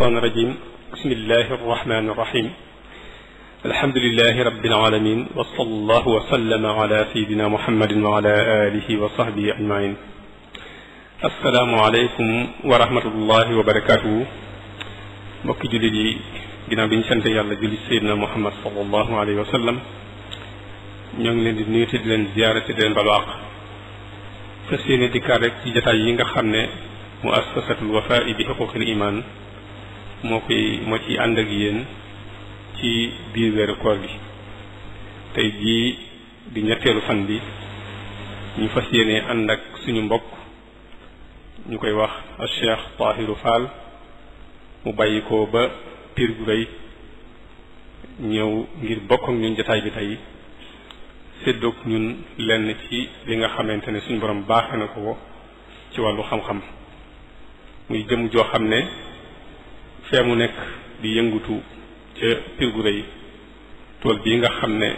الشيطان الرجيم بسم الله الرحمن الرحيم الحمد لله رب العالمين وصلى الله وسلم على سيدنا محمد وعلى آله وصحبه أجمعين السلام عليكم ورحمة الله وبركاته mbokki jullit yi ginnaaw bi ñu sant yàlla julli seydina muhammad sallallahu alayhi wa sallam ñoo ngi leen di nuyu te di leen ziyaara te di leen balwaaq fas yéene dikkaat rek ci jataay yi nga xam ne muassasatul wafaa bi xuquqil iman moo koy moo ci ànd ak yéen ci biir weeru koor gi tey jii bi ñetteelu fan bi ñu fas yéene ànd ak suñu mbokk ñu koy wax a Cheikh Tahirou Fall mu bàyyi ko ba piir gu rëy ñëw ngir bokk ak ñun jataay bi tey séddoog ñun lenn ci li nga xamante ne suñu borom baax na ko ko ci wàllu xam-xam muy jëm joo xam ne fee mu nekk di yëngutu ca pir gu rëy tool bii nga xam ne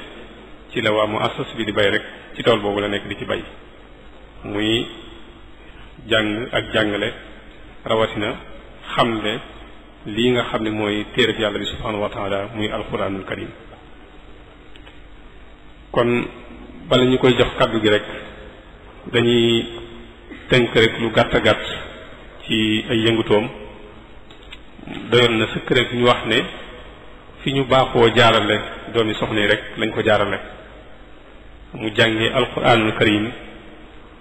ci la waa mu assas bi di bay rek ci tool boobu la nekk di ci bay muy jàng ak jàngale rawatina xam ne lii nga xam ne mooy téereb yàlla bi subhanahu wa taala muy alquranul karim kon bala ñu koy jox kàddu gi rek dañuy tënk rek lu gàtt gàtt ci ay yëngutoom doyoon na sëkk rek ñu wax ne fi ñu baaxoo jaarale doomi soxna yi rek lañ ko jaarale mu jànge alquranul karim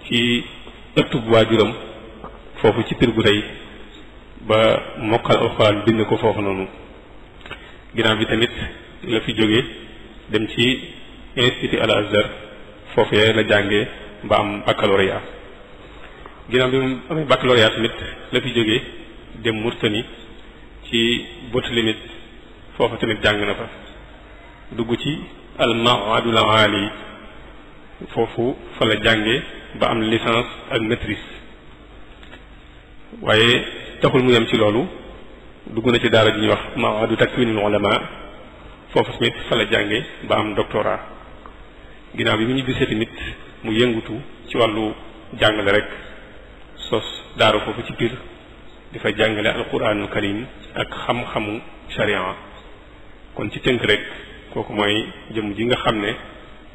ci ëttub waajuram foofu ci pir gu rëy ba mokkal alquran bind ko foofu noonu ginnaaw bi tamit la fi jóge dem ci institut al azhar foofu yee la jànge ba am baccalauréat ginnaaw bi mu amee baccalauréat tamit la fi jóge dem murtani ci bët limit foofu tamit jàng na fa dugg ci almahadul aali foofu fa jànge ba am licence ak maîtrise waaye taxul mu ci loolu dugg na ci daara ji ñuy wax mahadu takwinul ulama foofu tamit fa jànge ba am doctorat ginnaaw bi mu ñu gisee mu yëngutu ci wàllu jàngale rek sos daara foofu ci biir di fa jàngale alquranul karim ak xam-xamu sharia kon ci tënk rek kooku mooy jëmm ji nga xam ne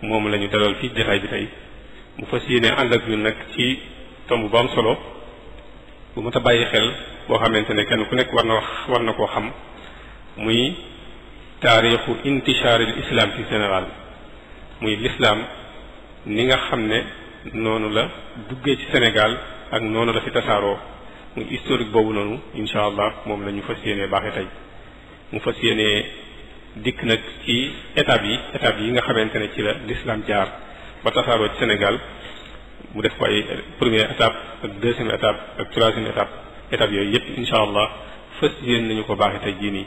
moom la ñu dalal fii jataay bi tey bu fas yéene ànd ak ñun nag ci tomb bu am solo bu mat a bàyyi xel boo xamante ne kenn ku nekk war na wax war na koo xam muy taarixu intishaaril islam ci général muy l'islam ni nga xam ne noonu la duggee ci Sénégal ak noonu la fi tasaaroo muy historique boobu noonu incha allah moom la ñu yenee yéenee baaxee tey mu fas yéenee dikk nag ci étapes yi étapes yi nga xamante ne ci la l'islam jaar ba tasaaroo ci Sénégal mu def ko ay première étape ak deuxième étape ak troisième étape étapes yooyu yëpp incha allah fas yéen nañu ko baaxe tey jii nii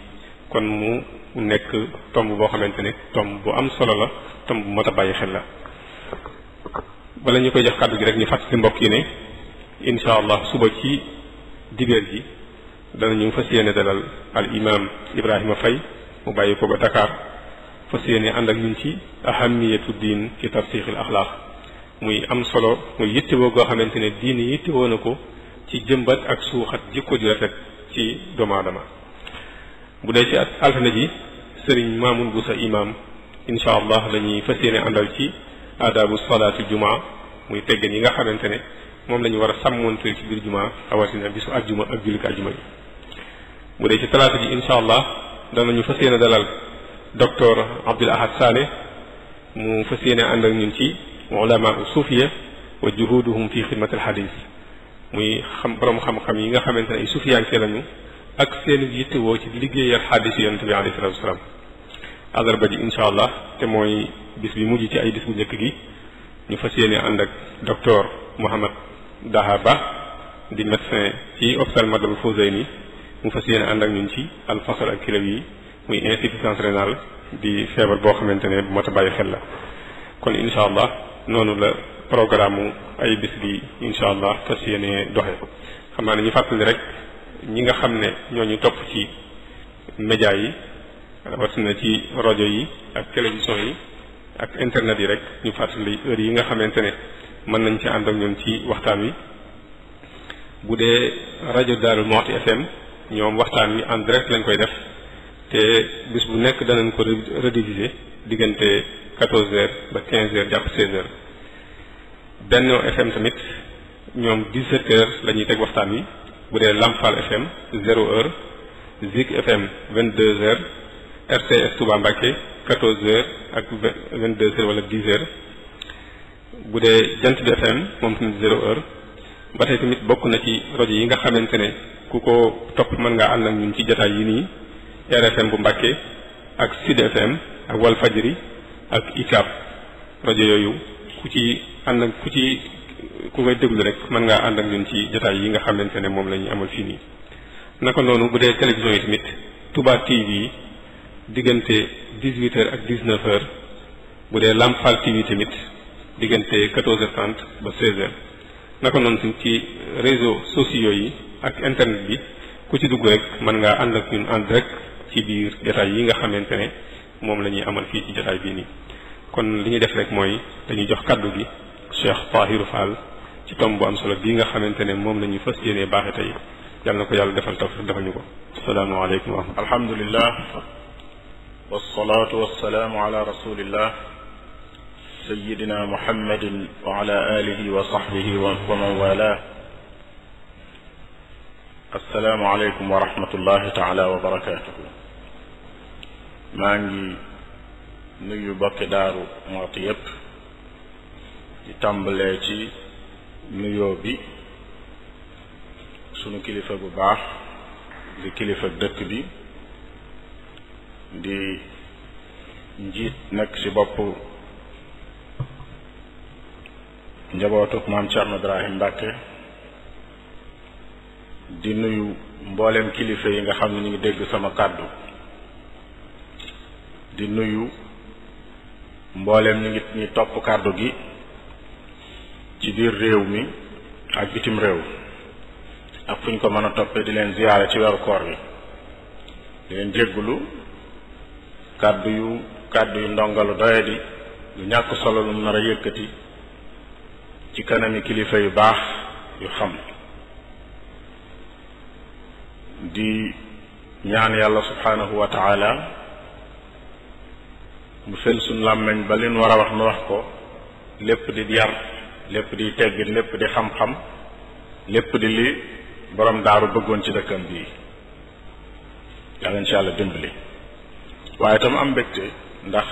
kon mu nekk tomb boo xamante ne tomb bu am solo la tomb bu mot a bàyyi xel la bala ñu koy jox kàddu gi rek ñu fàttali mbokk yi ne incha allah suba ci dibéer ji danañu fas yéene dalal al imam Ibrahima Faye mu bàyyi ko ba Dakar fas yéene ànd ñun ci ahamiyatu diin ci tafsixil axlaaq muy am solo muy yittewoo goo xamante ne diin yittewoo na ko ci jëmbat ak suuxat jikko ju rafet ci doomu aadama bu dee ci altine ji sëriñ Maamun Busa imam incha allah la ñuy fas yéene àndal ci adabu salaatu jumaa muy teggin yi nga xamante ne moom la ñu war a sàmmoonteel ci biir jumaa rawatina bisu ajjuma ak jullit ajjuma yi bu dee ci talaata ji incha allah ñu fas yéene dalal docteur Abdul Ahad Saane mu fas yéene ànd ak ñun ci ulama suufiya wa juhuduhum fi xidmat al xam borom xam yi nga xamante ne ay suufiyanke lañu ak seen yittewoo ci liggéeyal xadis yi yonente bi alayhi salatu ji incha allah te mooy bis bi mujj ci ay bis bu njëkk gi ñu fas yéene ànd ak docteur Mouhamad Daha Ba di médecin ci hôpital Matlaboul Fawzayni mu fas yéene ànd ak ñun ci alfasal ak kilo yi muy insuffisance rénale di feebar boo xamante ne bu mat a bàyyi xel la kon incha allah noonu la programme ay bis gi incha allah fas yéene doxe xam naa ne ñu fàttali rek ñi nga xam ne ñoo ñu topp ci média yi na ci rajo yi ak télévision yi ak internet yi rek ñu fàttali heure yi nga xamante ne mën nañ ci ànd ak ñoom ci waxtaan wi bu dee rajo Darou Mouhty FM ñoom waxtaan wi en direct lañ koy def te bis bu nekk danañ ko rediffuser diggante quatorze heures ba quinze heures jàpp seize heures Benno FM tamit ñoom dix-sept heures la ñuy teg waxtaan wi bu dee Lamfal FM zéro heure Zik FM vingt-deux heures RTS Touba Mbacké quatorze heures ak vingt-deux heures wala dix heures bu dee jant bi FM moom tamit zéro heure ba tamit bokk na ci rajo yi nga xamante ne ku ko topp mën nga ànd ak ñun ci jataay yi nii RFM bu Mbàkke ak Sud FM ak Wal Fajri ak ICAP rajo yooyu ku ci ànd ak ku ci ku ngay déglu rek mën ngaa ànd ak ñun ci jataay yi nga xamante ne moom la ñuy amal fii nii naka noonu bu dee télévision yi tamit Touba TV diggante dix-huit ak dix-neuf bu dee Lamp Fall TV tamit diggante quatorze heures trente ba na heures naka noonu si ci réseaux sociaux yi ak internet bi ku ci dugg rek mën ngaa ànd ak ñun en direct ci biir jotaay yi nga xamante ne moom la ñuy amal fii ci jotaay bii nii kon li ñuy def rek mooy dañuy jox kàddu gi Cheikh Tahirou Fall ci tomb bu am solo bii nga xamante ne moom la ñu fas yéenee baaxe tey yàlla na ko yàlla defal tawfiq defal ñu ko asalaamaaleykum wa rahmatullah alhamdulillah wasalaatu wasalaamu ala rasulillah sayyidina muhammadin wa ala alihi wa sahbihi wa man wala assalaamu aleykum wa ngi nuyu bokki daaru mooti di tàmbalee ci nuyoo bi sunu kilifa bu baax di kilifa dëkk bi di njiit nekk ci bopp njabootuk maam Thierno Ibrahim Mbacke di nuyu mboolem kilifa yi nga xam ne ñu ngi dégg sama kàddu di nuyu mbooleem ñu ngi ñu topp kàddu gi ci biir réew mi ak bitim réew ak fu ñu ko mën a toppee di leen ziyaare ci weeru koor bi di leen jéggulu kàddu yu kàddu yu ndongalu doye di lu ñàkk solo lu mu nar yëkkati ci kanami kilifa yu baax yu xam di ñaan yàlla subhaanahu wa taala mu fel suñ làmmeñ ba leen war a wax nu wax ko lépp di yar lépp di teggin lépp di xam-xam lépp di li boroom daaru bëggoon ci dëkkam bii yàlla insha allah dimbali waaye tam am mbégte ndax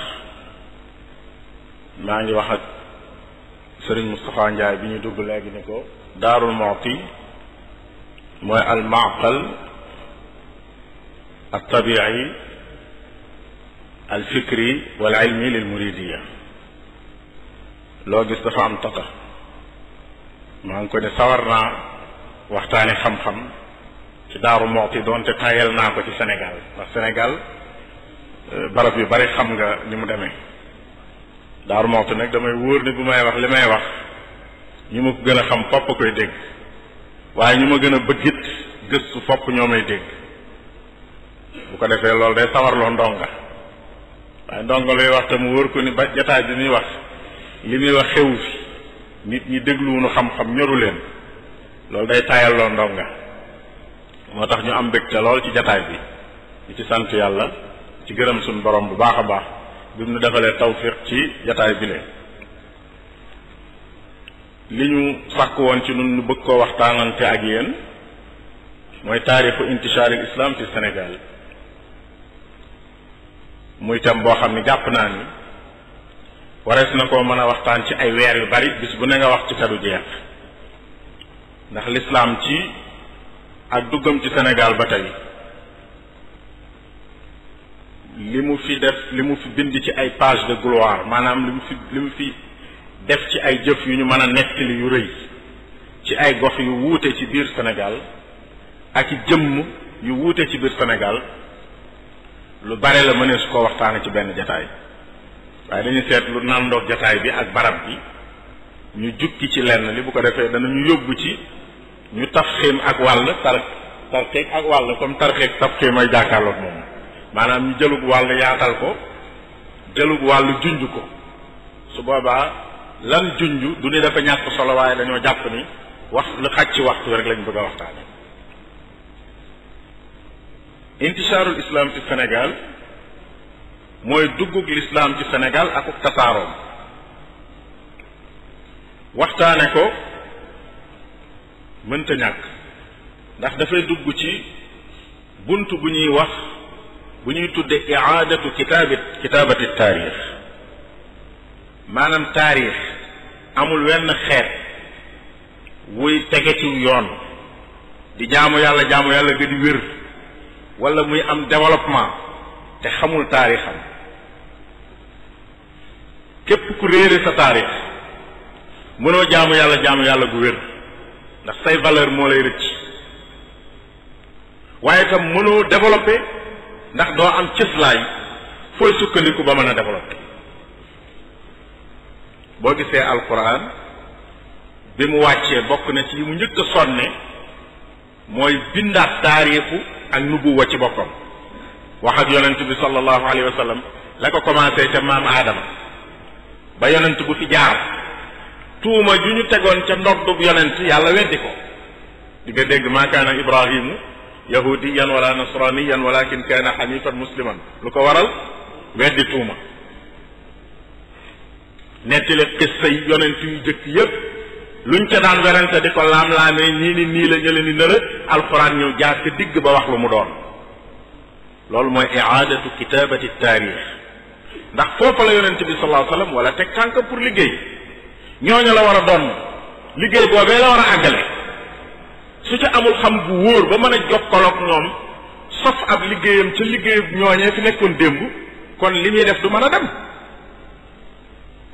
maa ngi wax ak sëriñ Moustapha Ndiaye bi ñu dugg léegi ni ko daarul mooti mooy al maaqal al tabi'i al fikri wal ilmi lil muridiya loo gis dafa am tata maa ngi ko ne sawar naa waxtaane xam-xam ci daaru mooti doonte tayel naa ko ci Sénégal ndax Sénégal euh, barab yu bari xam nga ni mu demee daaru moxti nag damay wóor ne bu may wax li may wax ñu ma gën a xam fopp koy dégg waaye ñu ma gën a bëggit gëstu fopp ñoo may dégg bu ko defee loolu day sawarloo ndonga waaye ndonga luy wax te mu wóor ko ni ba jataay bi muy wax li muy wax xewu fi nit ñi dégluwunu xam-xam ñoru leen loolu day taayalloo ndonga moo tax ñu am ca lool ci jataay bi ñu ci sant yàlla ci gërëm suñu borom bu baax a baax bi mu nu defalee tawfiq ci jataay bile li ñu sàkk woon ci nun ñu bëgg koo waxtaanante ak yéen mooy taarixu intishaaril islam ci Sénégal muy tam boo xam ne jàpp naa ni warees na koo mën a waxtaan ci ay weer yu bari bis bu ne nga wax ci kadu jeex ndax lislaam ci ak duggam ci senegaal ba tey li mu fi def li mu fi bind ci ay page de gloire maanaam li mu fi li mu fi def ci ay jëf yu ñu mën a nekk nettali yu rëy ci ay gox yu wuute ci biir senegal ak jëmm yu wuute ci biir senegal lu bare la mënee su ko waxtaane ci benn jataay waaye dañu seet lu nandoog jataay bi ak barab bi ñu jukki ci lenn li bu ko defee danañu yóbbu ci ñu tafxiim ak wàll tar tarxeeg ak wàll comme tarxeeg tafxiim ay jàkkaarloog moom maanaam ñu jëlug wàll yaatal ko jëlug wàll junj ko su boobaa lan junj du ni dafa ñàkk solowaay dañoo jàpp ni wax lu xaj ci waxtu rek lañ bëgg a waxtaane intishaarul islam ci Sénégal mooy duggug lislaam ci senegal ak tasaaroom waxtaane ko mënta ñàkk ndax dafay dugg ci bunt bu ñuy wax bu ñuy tudde iaadatu kitaabit kitaabati taarix maanaam taarix amul wenn xeet wuy tege ci yoon di jaamu yàlla jaamu yàlla ga di wér wala muy am développement te xamul taarixam képp ku réere sa taarix mënoo jaamu yàlla jaamu yàlla gu wér ndax say valeur moo lay rëcc waaye itam mënoo développer ndax doo am cëslaay fooy sukkandiku ba mën a développé boo gisee alquran bi mu wàccee bokk na ci yi mu njëkk a sonne mooy bindaat taarixu ak nubuwa ci boppam wax ak yonent bi sallallahu alayhi wa la ko commencé ca maam aadama ba yonent bu fi jaar tuuma ju ñu tegoon ca ndoddub yonent yàlla weddi ko di nga dégg maakaana ibrahimu yahudiyan wala nasraniyan walakin kaana xanifan musliman lu ko waral weddi tuuma netti la qissa yi yonent yu jëkk yépp luñ ca daan werante di ko laam-laamee ñii ni nii la ñële ni nëla alquran ñëw jaar ca digg ba wax lu mu doon loolu mooy iaadatu kitabati taarix ndax foofa la yonent bi sallallahu alayhi wasallam wala teg tànk pour liggéey ñooñu la war a doon liggéey boobee la war a àggale su ci amul xam bu wóor ba mën a jokkaloog ñoom sof ab liggéeyam ca liggéeyub ñooñee fi nekkoon démb kon li muy def du mën a dem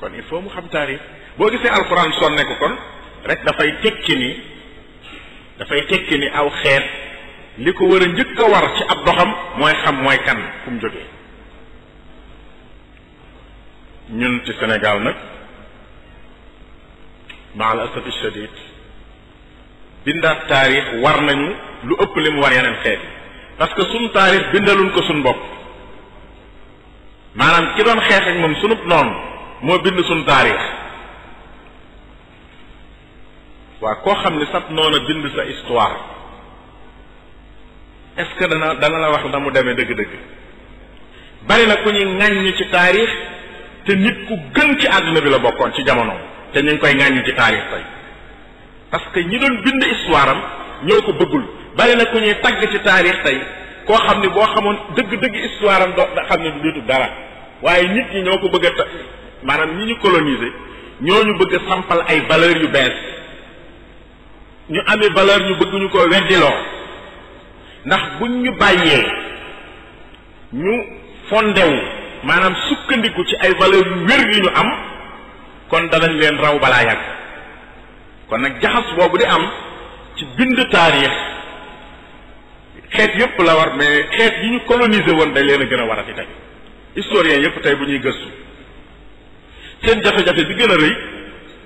kon il faut mu xam taarix boo gisee alxuraan sonne ko kon rek dafay tekki ni dafay tekki ni aw xeet li ko war a njëkk a war ci ab doxam mooy xam mooy kan ku mu jógee ñun ci senegal nag ma al bindaat taarix war nañu lu ëpp li mu war yeneen xeet yi parce que suñ taarix bindaluñ ko suñ bopp maanaam ki doon xeex ak moom sunub noonu moo bind suñ taarix waa koo xam ne sab noon bind sa histoire est-ce que dana dana la wax na mu demee dëgg-dëgg bari na ku ñuy ŋàññ ci taarix te nit ku gën ci àdduna bi la bokkoon ci jamono te ñu ngi koy ŋàññ ci taarix tey parce que ñi doon bind histoire am ñoo ko bëggul bari na ku ñuy tagg ci taarix tey koo xam ne boo xamoon dëgg-dëgg histoire am doo xam ne du dara waaye nit ñi ñoo ko bëgg a maanaam ñi ñu coloniser ñoo ñu bëgg a ay valeurs yu bees ñu amee valeur ñu bëgguñu ñu ko weddiloo ndax buñ ñu bàyyee ñu fondewu maanaam sukkandiku ci ay valeurs yu wér yu ñu am kon danañ leen raw balaa yàgg kon nag jaxas boobu di am ci bind taarix xeet yëpp la war mais xeet yi ñu colonisé woon dañ leen a gën a war a ci tey historien yëpp tey bu ñuy gëstu seen jafe-jafe bi gën a rëy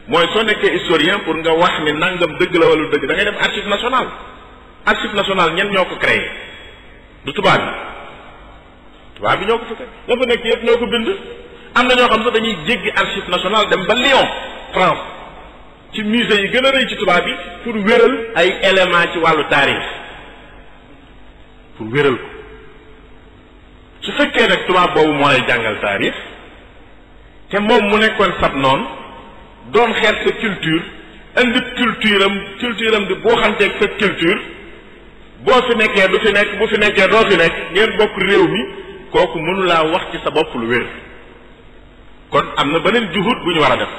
mooy soo nekkee historien pour nga wax ni nangam dëgg la wala dëgg da ngay dem archive nationale archive nationale ñen ñoo ko créé du tubaab bi tubaab bi ñoo ko fi créé dafa nekk yëpp ñoo ko bind am na ñoo xam sax dañuy jéggi archive nationale dem ba Lyon France ci musée yi gën a rëy ci tubaab bi pour wéral ay éléments ci wàllu taarix pour wéral ko su fekkee nag tubaab boobu moo lay jàngal taarix te moom mu nekkoon sab noonu doon xeet sa culture indi culture am culture am di boo sa culture boo fi nekkee du fi nekk bu fi nekkee doo fi nekk ngeen bokk réew mi kooku mënulaa wax ci sa bopp lu wér kon am na beneen juhut bu ñu war a def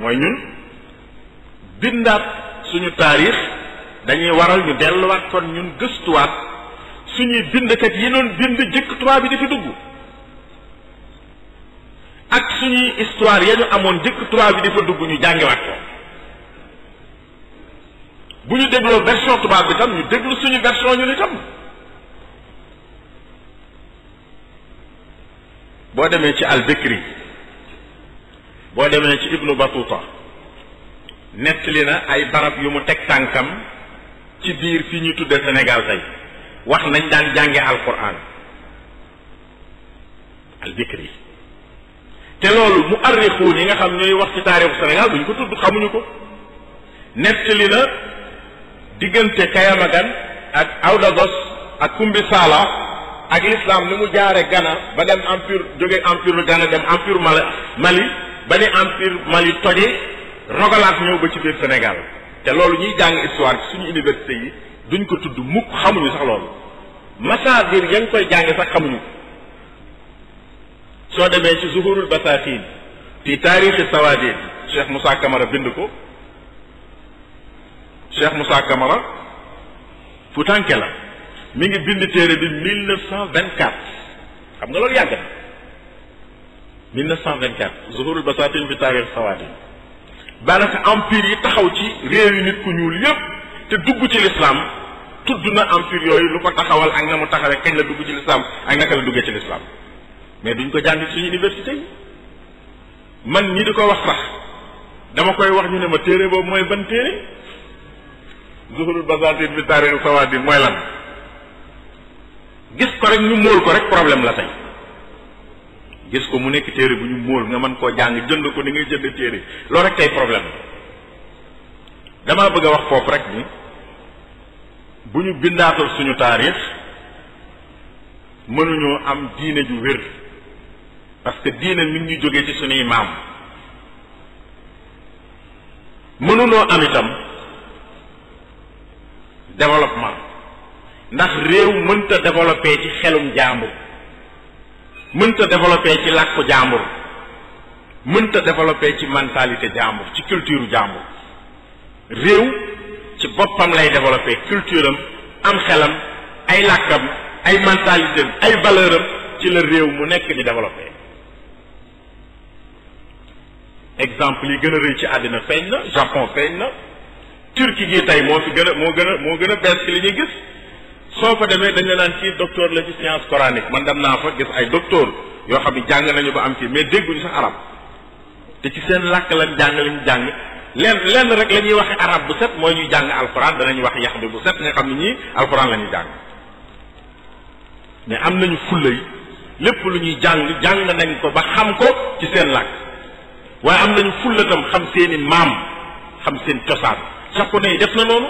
mooy ñun bindaat suñu taarix dañuy waral ñu delluwaat kon ñun gëstuwaat suñuy bindkat yi doon bind jëkk tubaab bi dafi dugg ak suñuy histoire ya ñu amoon jëkk tubaab bi dafa dugg ñu jàngiwaat ko bu ñu dégloo version tubaab bi tam ñu déglu suñu version ñu ni tam boo demee ci albikri boo demee ci ibnu batuta nettali na ay barab yu mu teg tànkam ci biir fi ñu tudde senegal tey wax nañ daan jànge alquran albikri te loolu mu arrixuun yi nga xam ñooy wax ci taarixu Sénégal duñ ko tudd xamuñu ko nettali na diggante Kayamagan ak Awdagos ak Kumbi Sala ak l'islam ni mu jaare gana ba dem empire jóge empire Ghana dem empire Mali ba ni empire Mali toje rogalaat ñëw ba ci biir Sénégal te loolu ñuy jàng histoire ci suñu université yi duñ ko tudd mukk xamuñu sax loolu masaadir ya nga koy jànge sax xamuñu soo demee ci zuhurul basaatin fi taarixi sawaadin Cheikh Moussa Camara bind ko Cheikh Moussa Camara tànke la mi ngi bind téere bi 1924 xam nga loolu yàgg 1924 zuhurul basaatin bi taarix sawaatin daanaka empire yi taxaw ci réew yi nit ku ñuul yépp te dugg ci lislaam tudd na empire yooyu lu ko taxawal ak na mu taxawee kañ la dugg ci lislaam ak naka la duggee ci lislaam mais duñ ko jàng ci université man ñi di ko wax sax dama koy wax ñu ne ma téere boobu mooy ban téere zuhurul basaatin bi taarix sawaatin mooy lan gis ko rek ñu móol ko rek problème la tey gis ko mu nekk téere bu ñu móol nga mën koo jàng jënd ko ni ngay jënd téere loolu rek tey problème damaa bëgg a wax foofu rek ni bu ñu bindaatul suñu taarix mënuñoo am diine ju wér parce que diine mi ngi ñu jógee ci suñuy maam mënunoo am itam développement ndax réew mënta développé ci xelum jàmbur mënta développé ci làkku jàmbur mënta développé ci mentalité jàmbur ci culture jàmbur réew ci boppam lay développé culture am am xelam ay làkkam ay mentalité am ay valeur am ci la réew mu nekk ni développé exemple yi gën a rëy ci àddina feeñ na Japon feeñ na Turquie gi tey moo fi gën a moo gën a moo gën a bees ci li ñuy gis soo ko demee dañ la naan kii docteur la ci science man dem naa fa gis ay docteur yoo xam ne jàng nañu ba am kii mais dégguñu sax arab te ci seen làkk lan jàng lañ jàng lenn lenn rek la ñuy waxee arab bu set mooy ñuy jàng alxuraan danañ wax yax bi bu set nga xam ne ñii alxuraan la ñuy jàng mais am nañu fulla yi lépp lu ñuy jàng jàng nañ ko ba xam ko ci seen làkk waaye am nañu fulla tam xam seeni maam xam seen cosaan japonais yi def na noonu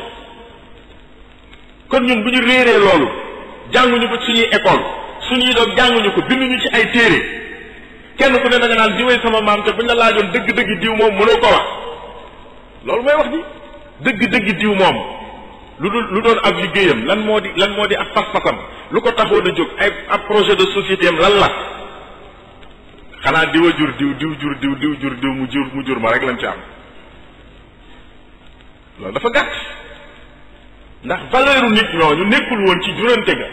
kon ñun bu ñu réeree loolu jànguñu ko suñuy école suñuy doom jànguñu ko binduñu ci ay téere kenn ku ne da naan diwee sama maam te buñ la laajoon dëgg-dëgg diw moom mënoo ko wax loolu mooy wax bi dëgg-dëgg diw moom lu du lu doon ab liggéeyam lan moo di lan moo di ab pas-pasam lu ko taxoon a jóg ay ab projet de société am lan la xanaa diw a jur diw diw jur diw diw jur diw mu jur mu jur ma rek lan ci am loolu dafa gàtt ndax valeuru nit ñu nekkul woon ci jurante ga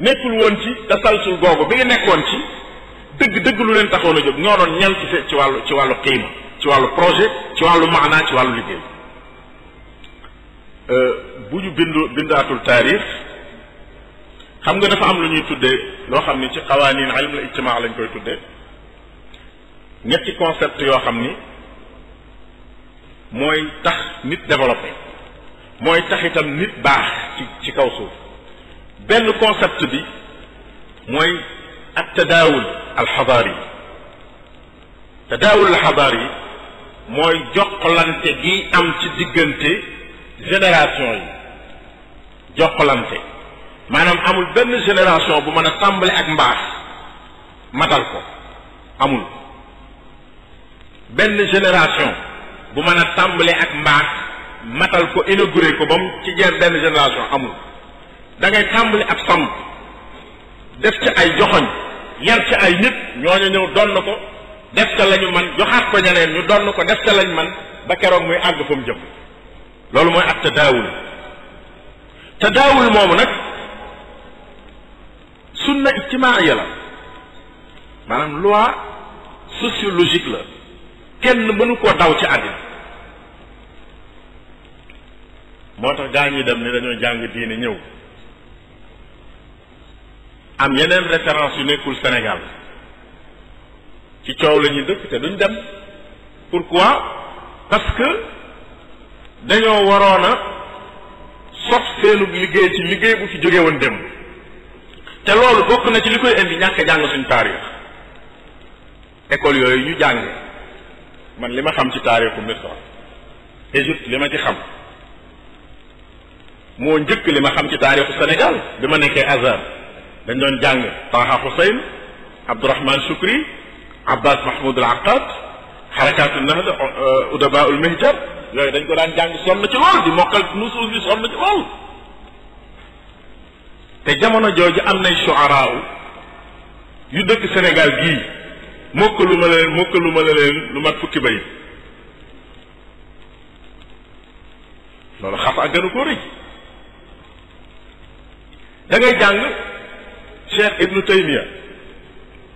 nekkul woon ci tasalsul googu bi nga nekkoon ci dëgg dëgg lu leen taxoon a jóg ñoo doon ñan ci wàllu ci wàllu xiima ci wàllu projet ci wàllu maanaa ci wàllu liggéey euh, bu ñu bindu bindaatul taarix xam nga dafa am lu ñuy tuddee loo xam ni ci xawaaniin ilm la ijtimaa lañ koy tuddee ñetti concept yoo xam ni mooy tax nit développé mooy taxitam nit baax ci ci kaw suuf benn concept bi mooy ak at tadaawul alxadaari tadaawul yi mooy jokkalante gi am ci diggante génération yi jokkalante maanaam amul benn génération bu mën a tàmbali ak mbaax matal ko amul benn génération bu mën a tàmbali ak mbaax matal ko inauguré ko ba mu ci jeer benn génération amul da ngay tàmbali ab sàmm def ci ay joxoñ yar ci ay nit ñooñu ñëw donn ko def ca lañu man joxaat ko ñeneen ñu donn ko def ca lañ man ba keroog muy àgg fa mu jëm loolu mooy ak tadaawul tadaawul moomu nag sunna ijtimaaya la maanaam loi sociologique la kenn mënu ko daw ci àddina moo tax gaa ñi dem ni dañoo jàng diine ñëw am yeneen référence yu nekkul Sénégal ci coow lañuy ñuy dëkk te duñ dem pourquoi parce que dañoo waroon a sof seenub liggéey ci liggéey bu fi jóge woon te loolu bokk na ci li koy indi ñàkk jàng suñ taarix école yooyu ñu jànge man li ma xam ci taarixu Misra Égypte li ma ci xam moo njëkk li ma xam ci taarixu senegal bi ma nekkee Azhar dañ doon jàng Taha Hussein Abdourahman Choukri Abbas Mahmoud al Aqad xarakaatu nahda euh, Udaba ul Mihjar yooyu dañ ko daan jàng sonn ci lool di mokkal nusuus yi sonn ci lool te jamono jooju am nay shuaraaw yu dëkk Sénégal gii mokk lu ma leen mokk lu ma leen lu mat fukki bay loolu xaf ak gënu ko da ngay jàng cheikh ibnu taymiya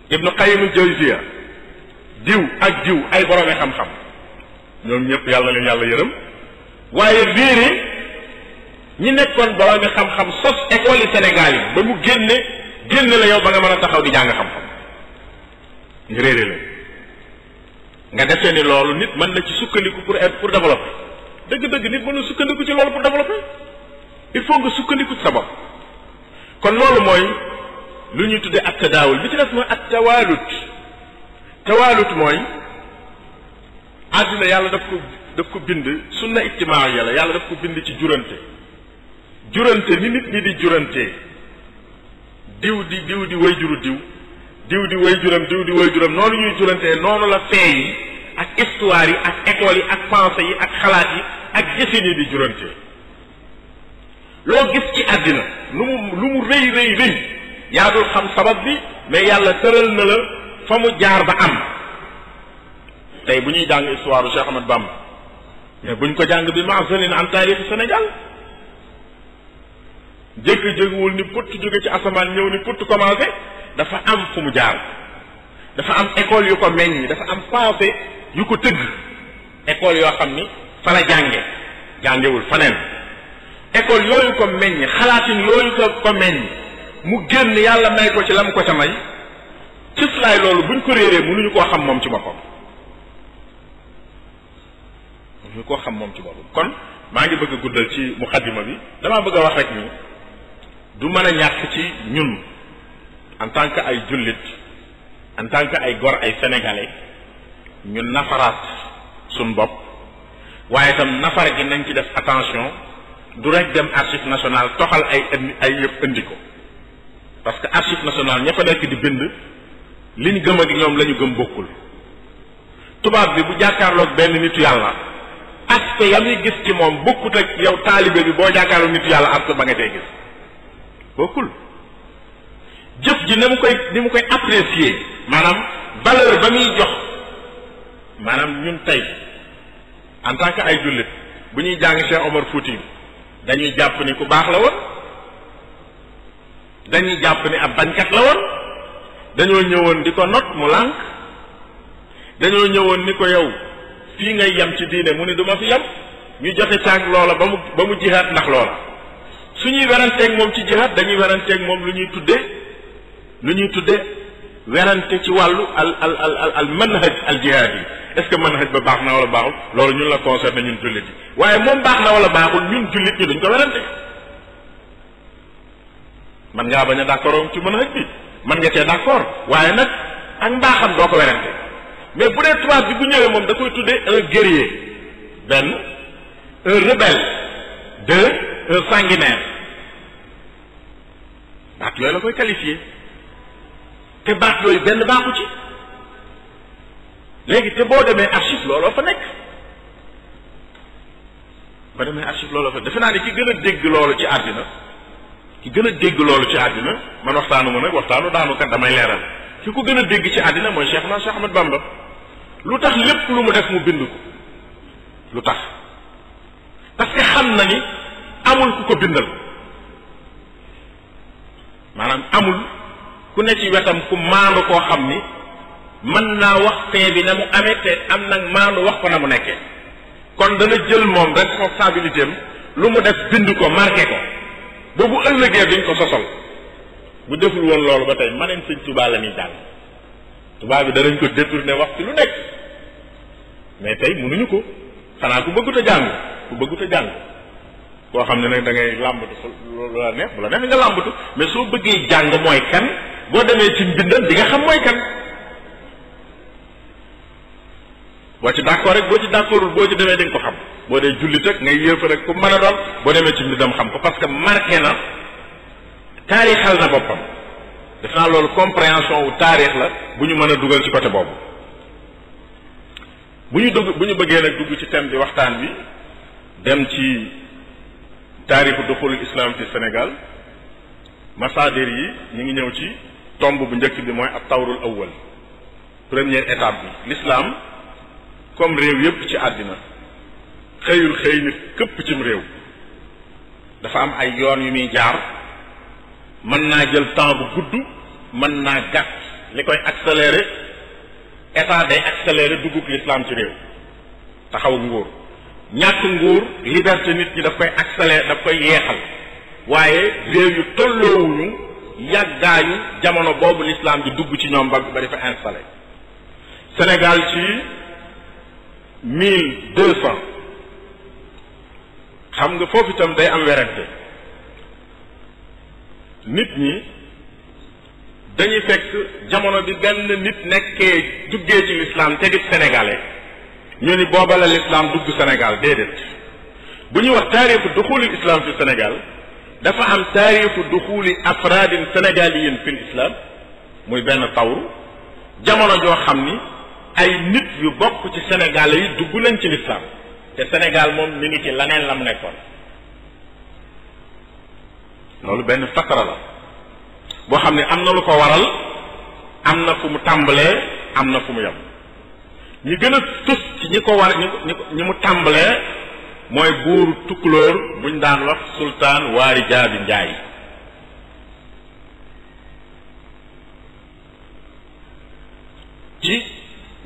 ibnu qayimul jawziya diw ak diw ay borome xam-xam ñoom ñëpp yàlla leen yàlla yërëm waaye réere ñi nekkoon boroomi xam-xam sos école yi senegal yi ba mu génne génn la yow ba nga mën a taxaw di jàng xam-xam ñu réere la nga defee ni loolu nit mën na ci sukkandiku pour pour développer dëgg-dëgg nit mën na sukkandiku ci loolu pour développer il faut nga sukkandiku ci sa bopp kon loolu mooy lu ñuy tuddee ak tadaawul bi ci des mooy ak tawaalut tawaalut mooy àddina yàlla daf ko daf ko bind sunna ijtimaa la yàlla daf ko bind ci jurante jurante ni nit ñi di jurante diw di diw di way juru diw diw di way juram diw di way juram noonu ñuy jurante noonu la fee yi ak histoire yi ak école yi ak pensée yi ak xalaat yi ak jëfin yi di jurante loo gis ci àddina lu mu lu mu rëy rëy rëy yaa dul xam sabab bi mais yàlla tëral na la fa mu jaar ba am tey bu ñuy jàng histoire Cheikh Ahmad Bamba mais buñ ko jàng bi maselin an taarix Sénégal jékki-jékkiwul ni putt jóge ci asamaan ñëw ni putt commencé dafa am fu mu jaar dafa am école yu ko meññ dafa am passé yu ko tëgg école yoo xam ni fa la jànge jàngewul faneen école yooyu ko meññ xalaatin yooyu ko ko meññ mu génn yàlla may ko ci lam ko ca may cëslaay loolu buñ ko réeree mënuñu koo xam moom ci boppam mënuñu koo xam moom ci boppam kon maa ngi bëgg a guddal ci mukaddima bi damaa bëgg a wax rek ni du mën a ñàkk ci ñun en tant que ay jullit en tant ay gor ay sénégalais ñun nafaraat suñ bopp waaye itam nafar gi nañ ci def attention du rek dem archive nationale toxal ay ay yëpp indi ko parce que archive nationale ña fa nekk di bind li ñu gëm ak ñoom lañu gëm bokkul tubaab bi bu jàkkaarlook benn nit yàlla aspect ya muy gis ci moom bokkut ak yow taalibe bi boo jàkkaarloog nit yàlla aspect ba nga tey gis bokkul jëf ji na mu koy ni mu koy apprécier maanaam valeur ba muy jox maanaam ñun tey en tant que ay jullit bu ñuy jàng Cheikh Omar Fouti dañuy jàpp ni ku baax la woon dañuy jàpp ni ab bañkat la woon dañoo ñëwoon di ko not mu lànk dañoo ñëwoon ni ko yow fii ngay yem ci diine mu ni du ma fi yem ñu jote tànk loola ba mu ba mu jihaat ndax loola su ñuy weranteeg moom ci jihaat dañuy weranteeg moom lu ñuy tudde lu ñuy tudde werante ci wàllu al al al al manhaj al jihaad yi est ce que manhaj ba baax na wala baaxul loolu ñun la concerné ñun jullit yi waaye moom baax na wala baaxul ñun jullit ñi dañ ko werante man ngaa bañ a d'accord ci manhaj bi man nga cee d'accord waaye nag ak mbaaxam doo ko werante mais bu dee tubaab bi bu ñëwee moom da koy tuddee un guerrier benn un rebelle deux un sanguinaire baat yooyu la koy qualifier te baax yooyu benn baaxu ci léegi te boo demee archive looloo fa nekk ba demee archive looloo fa defe naa ne ki gën a dégg loolu ci àddina ki gën a dégg loolu ci àddina man waxtaanu ma nag waxtaanu daanu kat damay leeral ki ko gën a dégg ci àddina mooy Cheikh na Cheikh Ahmad Bamba lu tax lépp lu mu def mu bind ko lu tax parce que xam na ni amul ku ko bindal maanaam amul ku ne ci wetam ku maandu koo xam ni mën naa wax fee bi na mu amee te am nag maandu wax ko na mu nekkee kon dana jël moom responsabilité am lu mu def bind ko marqué ko ba bu ëllëgee duñ ko sosol bu deful woon loolu ba tey maneen sëñ Tuubaa la ñuy jàng Tuubaa bi danañ ko détourné wax ci lu nekk mais tey munuñu ko xanaa ku bëggut a jàng ku bëggut a jàng koo xam ne nag da ngay làmbatu lu la neex bu la neex nga làmbatu mais soo bëggee jàng mooy kan boo demee ci mbindam di nga xam mooy kan boo ci d'accord rek boo ci d'accordul boo ci demee di ko xam boo dee jullit ak ngay yéefa rek ku mën a doon boo demee ci mbindam xam ko parce que marqué na taarixal na boppam def naa loolu compréhension wu taarix la bu ñu mën a dugal ci côté boobu bu ñu dugg bu ñu bëggee nag dugg ci thème bi waxtaan bi dem ci taarixu duxulul islam fi Sénégal masaadir yi ñu ngi ñëw ci tomb bu njëkk bi mooy ab tawrul awwal première étape bi l'islam comme réew yépp ci àddina xëyul xëy ni këpp cim réew dafa am ay yoon yu muy jaar mën naa jël temps bu gudd mën naa gàtt li koy accélérer état day accélérer duggub l'islam ci réew taxaw nguur ñàkk nguur liberté nit ñi daf koy accélérer daf koy yeexal waaye réew yu tolloowuñu yàggaayu jamono boobu l'islam di dugg ci ñoom ba ba dafa installé Sénégal ci mille deux cent xam nga foofu itam day am werante nit ñi dañuy fekk jamono bi benn nit nekkee duggee ci l'islam te di sénégalais ñu ni booba la l'islam dugg Sénégal déedéet bu ñuy wax taarixu duxulul islam fi Sénégal dafa am taarixu duxuli afraadin sénégaliyin fil islam muy benn tawru jamono joo xam ni ay nit yu bokk ci Sénégal yi dugg nañ ci lislaam te Sénégal moom ñu ngi ci laneen lam nekkoon loolu benn fatara la boo xam ne am na lu ko waral am na fu mu tàmbalee am na fu mu yem ñi gën a tus ci ñi ko war ñi ñi mu tàmbalee mooy buuru tukkulóor buñ daan wax sultaan waari jaabi njaay ci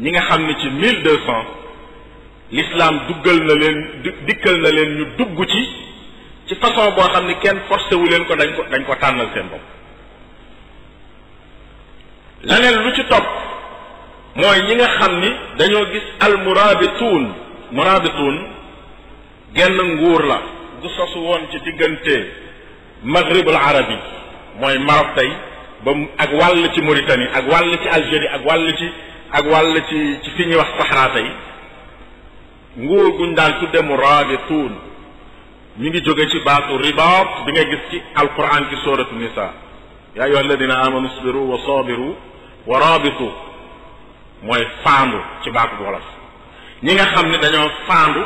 ñi nga xam ni ci mille deux cent na leen dikkal na leen ñu dugg ci ci façon boo xam ne kenn forcé leen ko dañ ko dañ ko tànnal seen bopp laneen lu ci topp mooy ñi nga xam ni dañoo gis almurabituun murabituun genn nguur la gu sosu woon ci diggante maghribul arabi mooy Maroc tey ba ak wàll ci Mauritanie ak wàll ci Algérie ak wàll ci ak wàll ci ci fi ñuy wax Sahara tey nguur guñ daan tudde mu raabituun mu ngi jóge ci baatu ribaat bi nga gis ci alquran ci suratu nisa yaa ayuha alladina amanu isbiru wa sabiru wa rabitu mooy faandu ci baatu wolof ñi nga xam ne dañoo faandu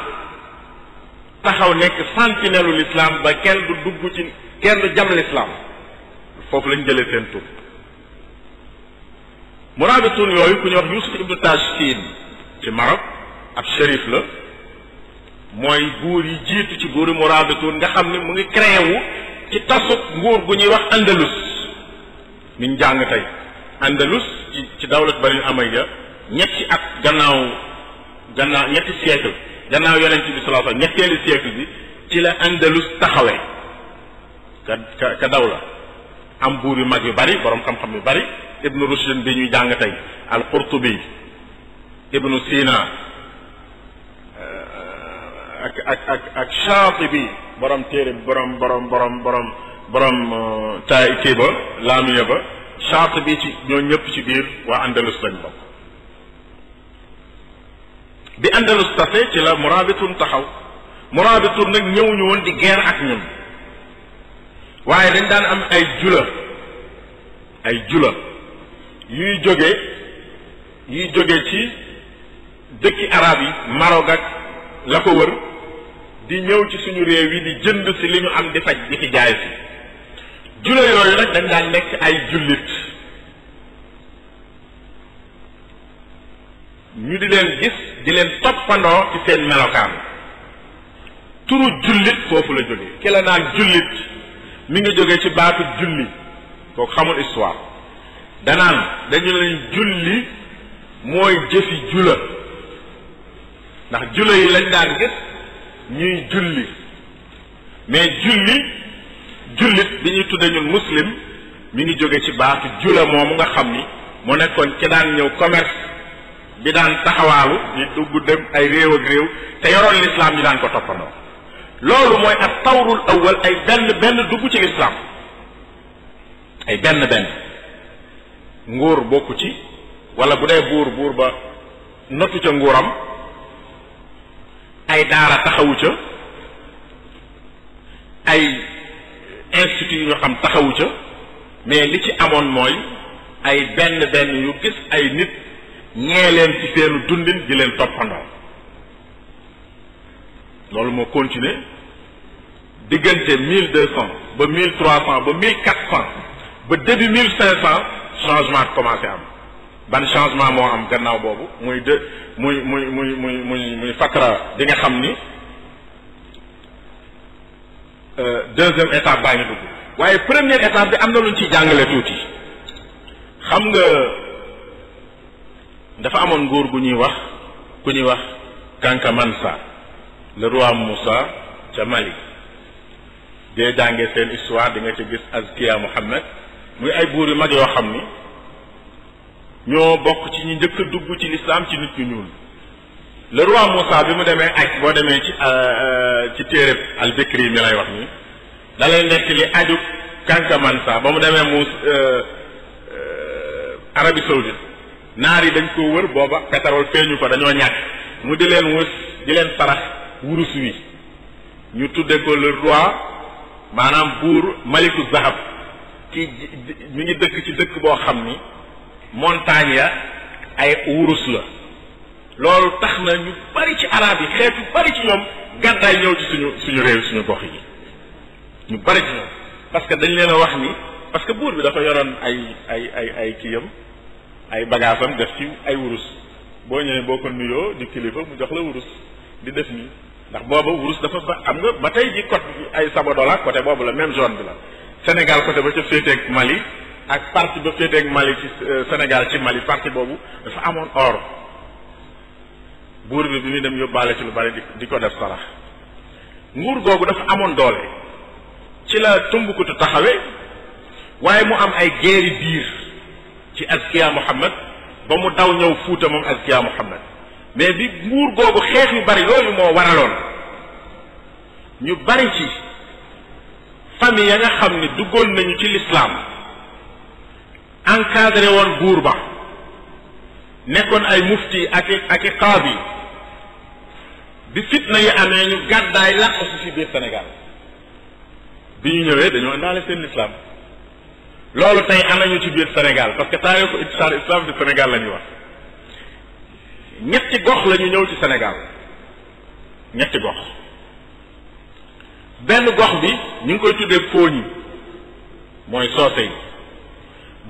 taxaw nekk sentinelle l'islam ba kenn du dugg ci kenn du jam l'islam foofu lañu jëlee seen tur murabitun yooyu ku ñuy wax Yusuf ibnu Tashkin ci Maroc ab shérif la mooy buur yi jiitu ci buuri murabitun nga xam ne mu ngi créé wu ci tasuk nguur gu ñuy wax andalus niñ jàng tey andalus ci ci dawlat bani amaya ñetti at gannaaw gannaaw ñetti siècle gannaaw yonent bi sallallahu alayhi ñetteelu siècle bi ci la andalus taxawee ka ka ka la am buur yu mag yu bari borom xam-xam yu bari ibnu rushdin bi ñuy jàng tey al qurtubi ibnu sina eh, ak ak ak ak Shaatibi borom téere borom borom borom borom borom eh, taay kii Shaatibi ci ñoo ñëpp ci biir waa andalus lañ bokk bi andalus tase ci la murabitun taxaw murabitun nag ñëwuñu woon di guerre ak ñun waaye dañ daan am ay jula ay jula yuy jóge yuy jóge ci dëkki arab yi Maroc ak la ko wër di ñëw ci suñu réew yi di jënd si li ñu am di faj di fi jaay si jula yooyu nag dañ daan nekk ay jullit ñu di leen gis di leen toppandoo ci seen melokaan turu jullit foofu la jógee ki la naan jullit mi ngi jógee ci baatu julli kooku xamul histoire danaan dañu leen julli mooy jëfi jula ndax jula yi lañ daan gis ñuy julli mais julli jullit bi ñuy tudde ñun muslim mi ngi jóge ci baatu jula moomu nga xam ni mu nekkoon ci daan ñëw commerce bi daan taxawaalu di dugg dem ay réew ak réew te yoroon lislaam ñi daan ko toppandoo loolu mooy ak tawrul awal ay benn benn dugg ci lislaam ay benn benn nguur bokku ci wala bu dee buur buur ba nottu ca nguuram ay daara taxawu ca ay institut yoo xam taxawu ca mais li ci amoon mooy ay benn benn yu gis ay nit ñee leen ci seenu dundin di leen toppandoo loolu moo continuer diggante mille deux cent ba mille trois cent ba mille quatre cent ba début mille cinq cent changement commencé am ban changement moo am gannaaw boobu muy de muy muy muy muy muy muy fakra di nga xam ni euh, deuxième étape baa ngi dugg waaye première étape bi am na luñ ci jàngale tuuti xam nga dafa amoon nguur gu ñuy wax ku ñuy wax Kankamansa le roi Moussa ca Mali dee jàngee seen histoire di nga ci gis Azkiya Muhammad muy ay buur yu mag yoo xam ni ñoo bokk ci ñu njëkk dugg ci lislaam ci nit ñu ñuul le roi Moussa bi mu demee aj boo demee ci euh, euh, ci téereb al-Bikri mi lay wax nii da lay nekk li aju Kankamansa ba mu demee mu euh, Arabie Saoudite naar yi dañ koo wër booba pétrole feeñu ko dañoo ñàkk mu di leen wës di leen sarax wurus wi ñu tudde ko le roi maanaam buur maliku zahab ci mi ngi dëkk ci dëkk boo xam ni montagne ya ay wurus la loolu tax na ñu bari ci arab yi xeet bari ci ñoom gàddaay ñëw ci suñu suñu réew suñu gox yi ñu bari ci ñoom parce que dañ leen a wax ni parce que buur bi dafa yoroon ay ay ay ay kiyam ay bagaasam def ci ay wurus boo ñëwee boo ko nuyoo di kilifa mu jox la wurus di def nii ndax booba wurus dafa ba am nga ba tey ji côté ay Sabodola côté boobu la même zone bi la Sénégal côté ba ca féeteeg Mali ak parti ba féeteeg Mali ci euh, Sénégal ci Mali parti boobu dafa amoon or buur bi bi muy dem yóbbaale ci lu bari di di ko def sarax nguur googu dafa amoon doole ci la Tombouctou taxawe waaye mu am ay guerre biir ci Azkiya Muhammad ba mu daw ñëw Fuuta moom Azkiya Muhammad mais bi nguur googu xeex yu bari yooyu moo waraloon ñu bari ci famille ya nga xam ne duggoon nañu ci lislaam encadré woon buur ba nekkoon ay mufti ak i ak i qaadi bi fitna yi amee ñu gàddaay làqu si si biir Sénégal bi ñu ñëwee dañoo indaale seen lislaam loolu tey anañu ci biir Sénégal parce que taarixu intisar islam du Sénégal la ñuy wax ñetti gox lañu ñëw ci Sénégal ñetti gox benn gox bi ñu ngi koy tuddee fóon yi mooy soose yi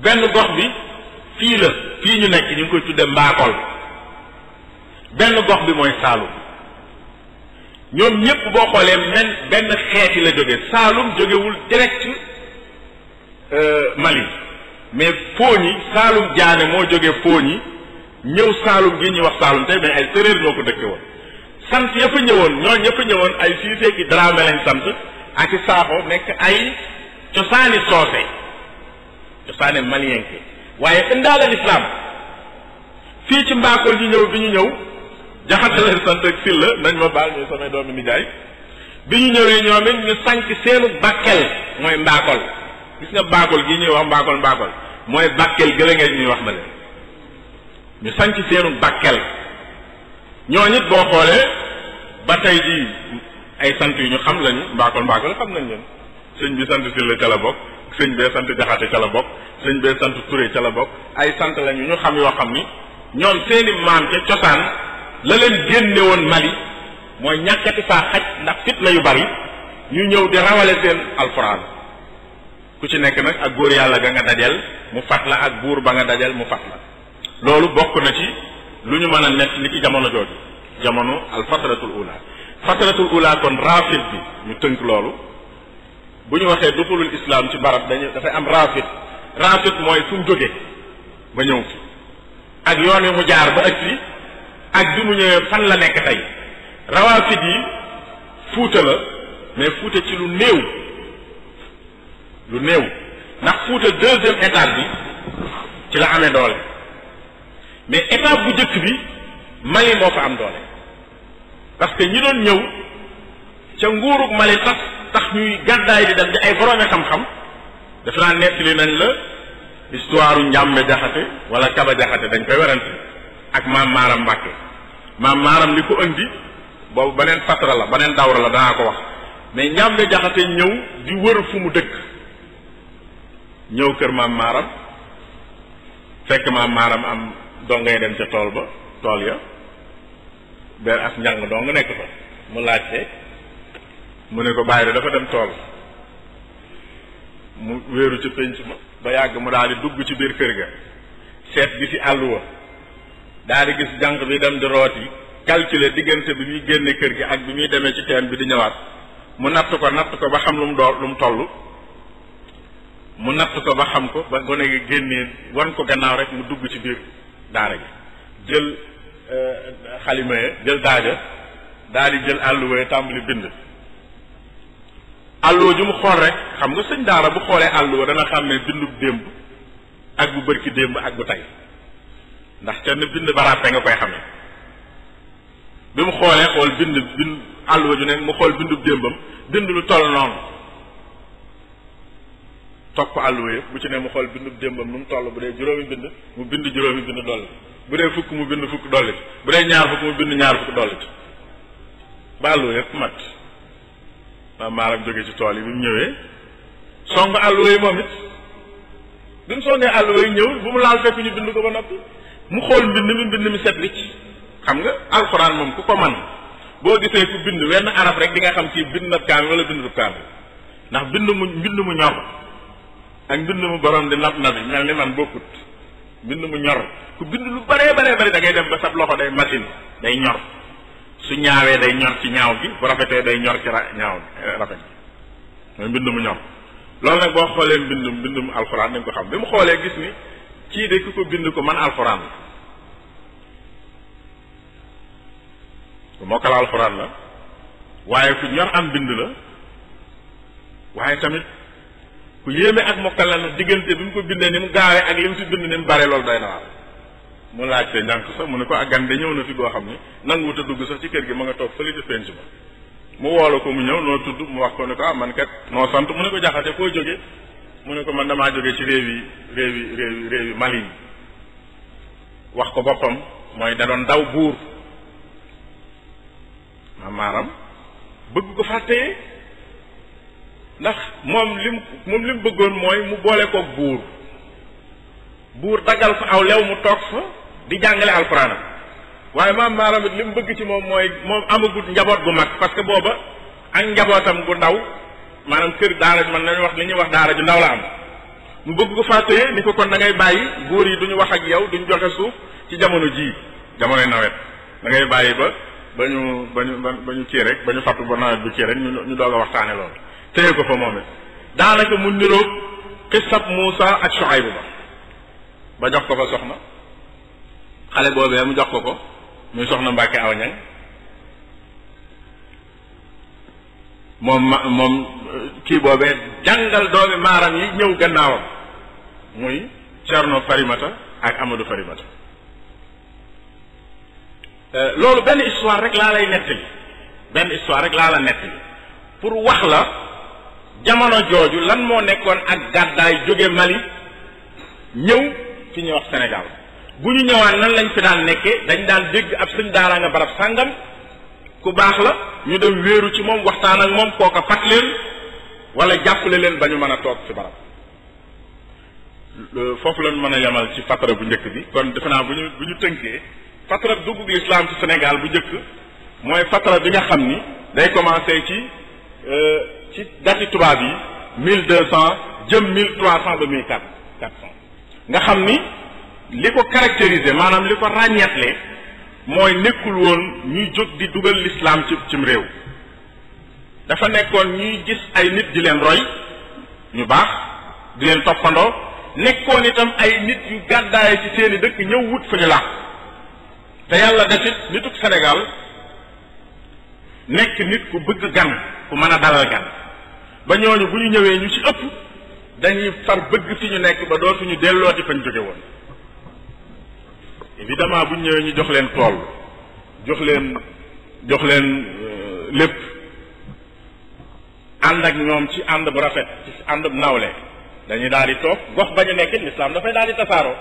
benn gox bi fii la fii ñu nekk ñu ngi koy tuddee mbaakol benn gox bi mooy Saalum ñoom ñépp boo xoolee benn xeet yi la jóge Saalum jógewul direct Euh, Mali mais fooñi saalum jaane moo jógee fooñi ñëw saalum gi ñuy wax saalum tey mais ay séréer ñoo ko dëkke woon sant ya ñëwoon ñoo ña ñëwoon ay siisee ki daraame lañ sant ak i saafo nekk ay cosaani soose cosaani malienke waaye indaale fii ci mbaakool ñu ñëw bi ñu ñëw jaxate leen sant ak silla nañ ma baal ñooy samay doomi nijaay bi ñu ñëwee ñoom it ñu sanc seenu Bakel mooy mbaakool gis nga mbaakol gi ñuy wax mbaakol mbaakol mooy bàkkel gële ngeen ñuy wax na leen ñu sanc seenu bàkkel ñoo nit boo xoolee ba tey di ay sant yu ñu xam lañu mbaakol mbaakol xam nañ leen sëñ bi sant Sylla ca la bokk sëñ bee sant Jaxate ca la bokk sëñ bee sant Touré ca la bokk ay sant lañu ñu xam yoo xam ni ñoom seeni maam ca cosaan la leen génne woon Mali mooy ñàkkati faa xaj ndax fitna yu bari ñu ñëw di rawale seen alxuraan ku ci nekk nag ak góor yàlla ga nga dajal mu fat la ak buur ba nga dajal mu fat la loolu bokk na ci lu ñu mën a nekk li ci jamono jooju jamono al fatratul ula fatratul ula kon raafid bi ñu tënk loolu bu ñu waxee duxulul islaam ci barab dañu dafay am raafid raafid mooy fu mu jógee ba ñëw fi ak yoon wi mu jaar ba agsi ak bi mu ñëwee fan la nekk tey rawaafid yi fuuta la mais fuuta ci lu néew lu néew ndax Fuuta deuxième étape bi ci la amee doole mais étape bu jëkk bi Mali moo fa am doole parce que ñi doon ñëw ca nguurug Mali tax tax ñuy gàddaay di dem di ay boroomi xam-xam dafa naa nettali nañ la histoire njàmbe jaxate wala kaba jaxate dañ koy werante ak maam maaram Mbàkke maam maaram li ko indi boobu beneen fatra la beneen dawra la danaa ko wax mais njàmbe jaxate ñëw di wër fu mu dëkk ñëw kër maam maaram fekk maam maaram am dongay dem ca tool ba tool ya benn as njàng dong nekk fa mu laajte mu ne ko bàyyi de dafa dem tool mu wéeru ci pénc ma ba yàgg mu daal di dugg ci biir kër ga seet gi ci àll wa daal gis jànq bi dem di rooti calculer diggante bi muy génne kër gi ak bi muy demee ci teen bi di ñëwaat mu natt ko natt ko ba xam lu mu doo lu mu toll mu natt ko ba xam ko ba gone gi génnee wan ko gannaaw rek mu dugg ci biir daara gi jël euh, xalima ya jël daaja daal di jël àlluwa ya tàmbali bind àlluwa ju mu xool rek xam nga sëñ daara bu xoolee àlluwa dana xam bindub démb ak bu bërki démb ak bu tey ndax kenn bind barappe nga koy xamee bi mu xoolee xool bind bind àlluwa ju ne mu xool bindub démbam bind lu toll noonu topp àlluwa yëpp bu ci ne mu xool bindu démbam nu mu toll bu dee juróomi bind mu bind juróomi bind dolli bu dee fukk mu bind fukk dolli ci bu dee ñaar fukk mu bind ñaar fukk dolli ci ba àlluwa yëpp jóge ci tool yi bi mu ñëwee song àlluwa moom it bi mu songee àlluwa yi ñëw bu mu laal fekk ñu bind ko ba noppi mu xool mbind mi mbind mi set wicc xam nga alxuraan moom ku ko man boo gisee ku bind wenn arab rek di nga xam ci bind na kaamil wala bind du kaamil ndax bind mu mbind mu ñor ak mbind mu borom di nab nabi mel ni man bokkut mbind mu ñor ku bind lu baree baree bari da dem ba sab loxo day machine day ñor su ñaawee day ñor ci ñaaw bi bu rafetee day ñor ci ra ñaaw eh, rafet mooy mu ñor loolu nag boo xoolee mbindum mbindum alxuraan dañ ko xam bi mu xoolee gis ni kii de ku ko bind ko man alxuraan la ku mokkal alxuraan la waaye ku ñor am bind la waaye tamit ku yéeme ak mokkal la nag diggante bi mu ko bindee ni mu gaawee ak li mu si bind ni mu bare loolu doy na waar mu laajte ndànk sax mu ne ko ak gan de ñëw na fi goo xam ne nanguwut a dugg sax ci kër gi ma nga toog fële ca penc ma mu woola ko mu ñëw noo tudd mu wax ko ne ko ah man kat noo sant mu ne ko jaxate foo jóge mu ne ko man damaa jóge ci réew yi réew yi réew yi réew wax ko boppam mooy da daw buur ma maaram bëgg ko fàttee ndax moom li moom lim bëggoon mooy mu boole ko buur buur daggal ko aw lew mu toog fa di jàngale alxuraan waaye maam maaram it li mu bëgg ci moom mooy moom amagut njaboot bu mag parce que booba ak njabootam bu ndaw maanaam kër daara man nañu wax li ñuy wax daara ju ndaw la am mu bëgg ko faa tëye ni ko kon da ngay bàyyi buur yi du duñu wax ak yow duñu joxe suuf ci jamono jii jamonoy nawet da ngay bàyyi ba ba ñu ba ñu ba ñu nu rek ba ñu fàttu ba nawet bu ñu doog a loolu téye ko fa moom it daanaka mu niroog xisab Muusa ak Shuayb ba ba jox ko fa soxna xale boobee mu jox ko ko muy soxna Mbàkke aw ñang moom ma moom kii boobee jàngal doomi maaram yi ñëw gannaawam muy Cerno Farimata ak Amadou Farimata euh, loolu benn histoire rek laa lay nettali benn histoire rek laa la nettali pour wax la jamono jooju lan moo nekkoon ak gàddaay jóge Mali ñëw fi ñuy wax Sénégal bu ñu ñëwaan nan lañ fi daan nekkee dañ daan dégg ab sëñ daara nga barab sàngam ku baax la ñu dem wéeru ci moom waxtaan ak moom kooka fat wala jàppale leen ba ñu mën a toog ci euh, foofu lañu mën a yamal ci fatara bu njëkk bi kon defe naa bu ñu bu ñu tënkee fatara dugg lislaam ci Sénégal bu njëkk mooy fatara bi nga xam ni day commencé ci euh, ci dati tubaab yi mille deux cent jëm mille trois cent ba mille quatre quatre cent nga xam ni li ko caractériser maanaam li ko ràññeetle mooy nekkul woon ñuy jóg di dugal lislaam ci cim réew dafa nekkoon ñuy gis ay nit di leen roy ñu baax di leen toppandoo nekkoon itam ay nit yu gàddaaye ci seeni dëkk ñëw wut fu ñu làq te yàlla def it nituk Sénégal nekk nit ku bëgg gan ku mën a dalal gan ba ñooñu bu ñu ñëwee ñu ci ëpp dañuy far bëgg fi ñu nekk ba dootuñu dellooti fañ jóge woon évidemment bu ñu ñëwee ñu jox leen tool jox leen jox leen euh, lépp ànd ak ñoom ci ànd bu rafet ci ànd bu nawle dañuy daal di toog gox ba ñu nekk lislaam dafay daal di tasaaroo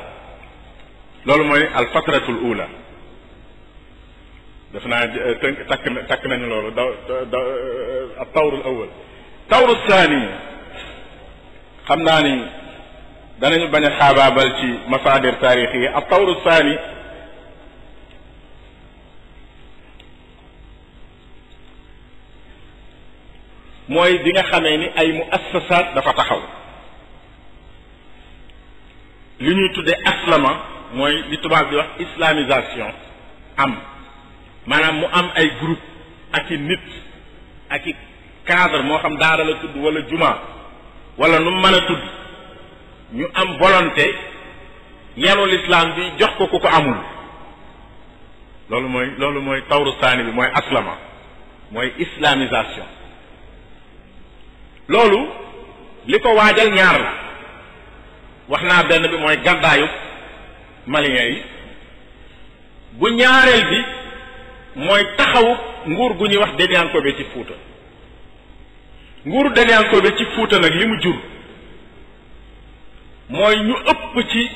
loolu mooy al fatratul ula def naa eh, takk takk nañu loolu da da eh, ab tawrul awal tawru saani xam naa ni danañu bañ a xaabaabal ci masaadir taarix yi ab tawru mooy bi nga xamee ni ay muassasaat dafa taxaw li ñuy tuddee aslama mooy li tubaab di wax islamisation am maanaam mu am ay groupe ak i nit ak i cadre moo xam daara la tudd wala juma walla nu mën a tudd ñu am volonté yenu lislaam bi jox ko ku ko amul loolu mooy loolu mooy tawru saani bi mooy aslama mooy islamisation loolu li ko waajal ñaar la wax naa benn bi mooy gàddaayu malien yi bu ñaareel bi mooy taxawu nguur gu ñuy wax Denyankoobe ci Fuuta nguuru Denyankoobe ci Fuuta nag li mu jur mooy ñu ëpp ci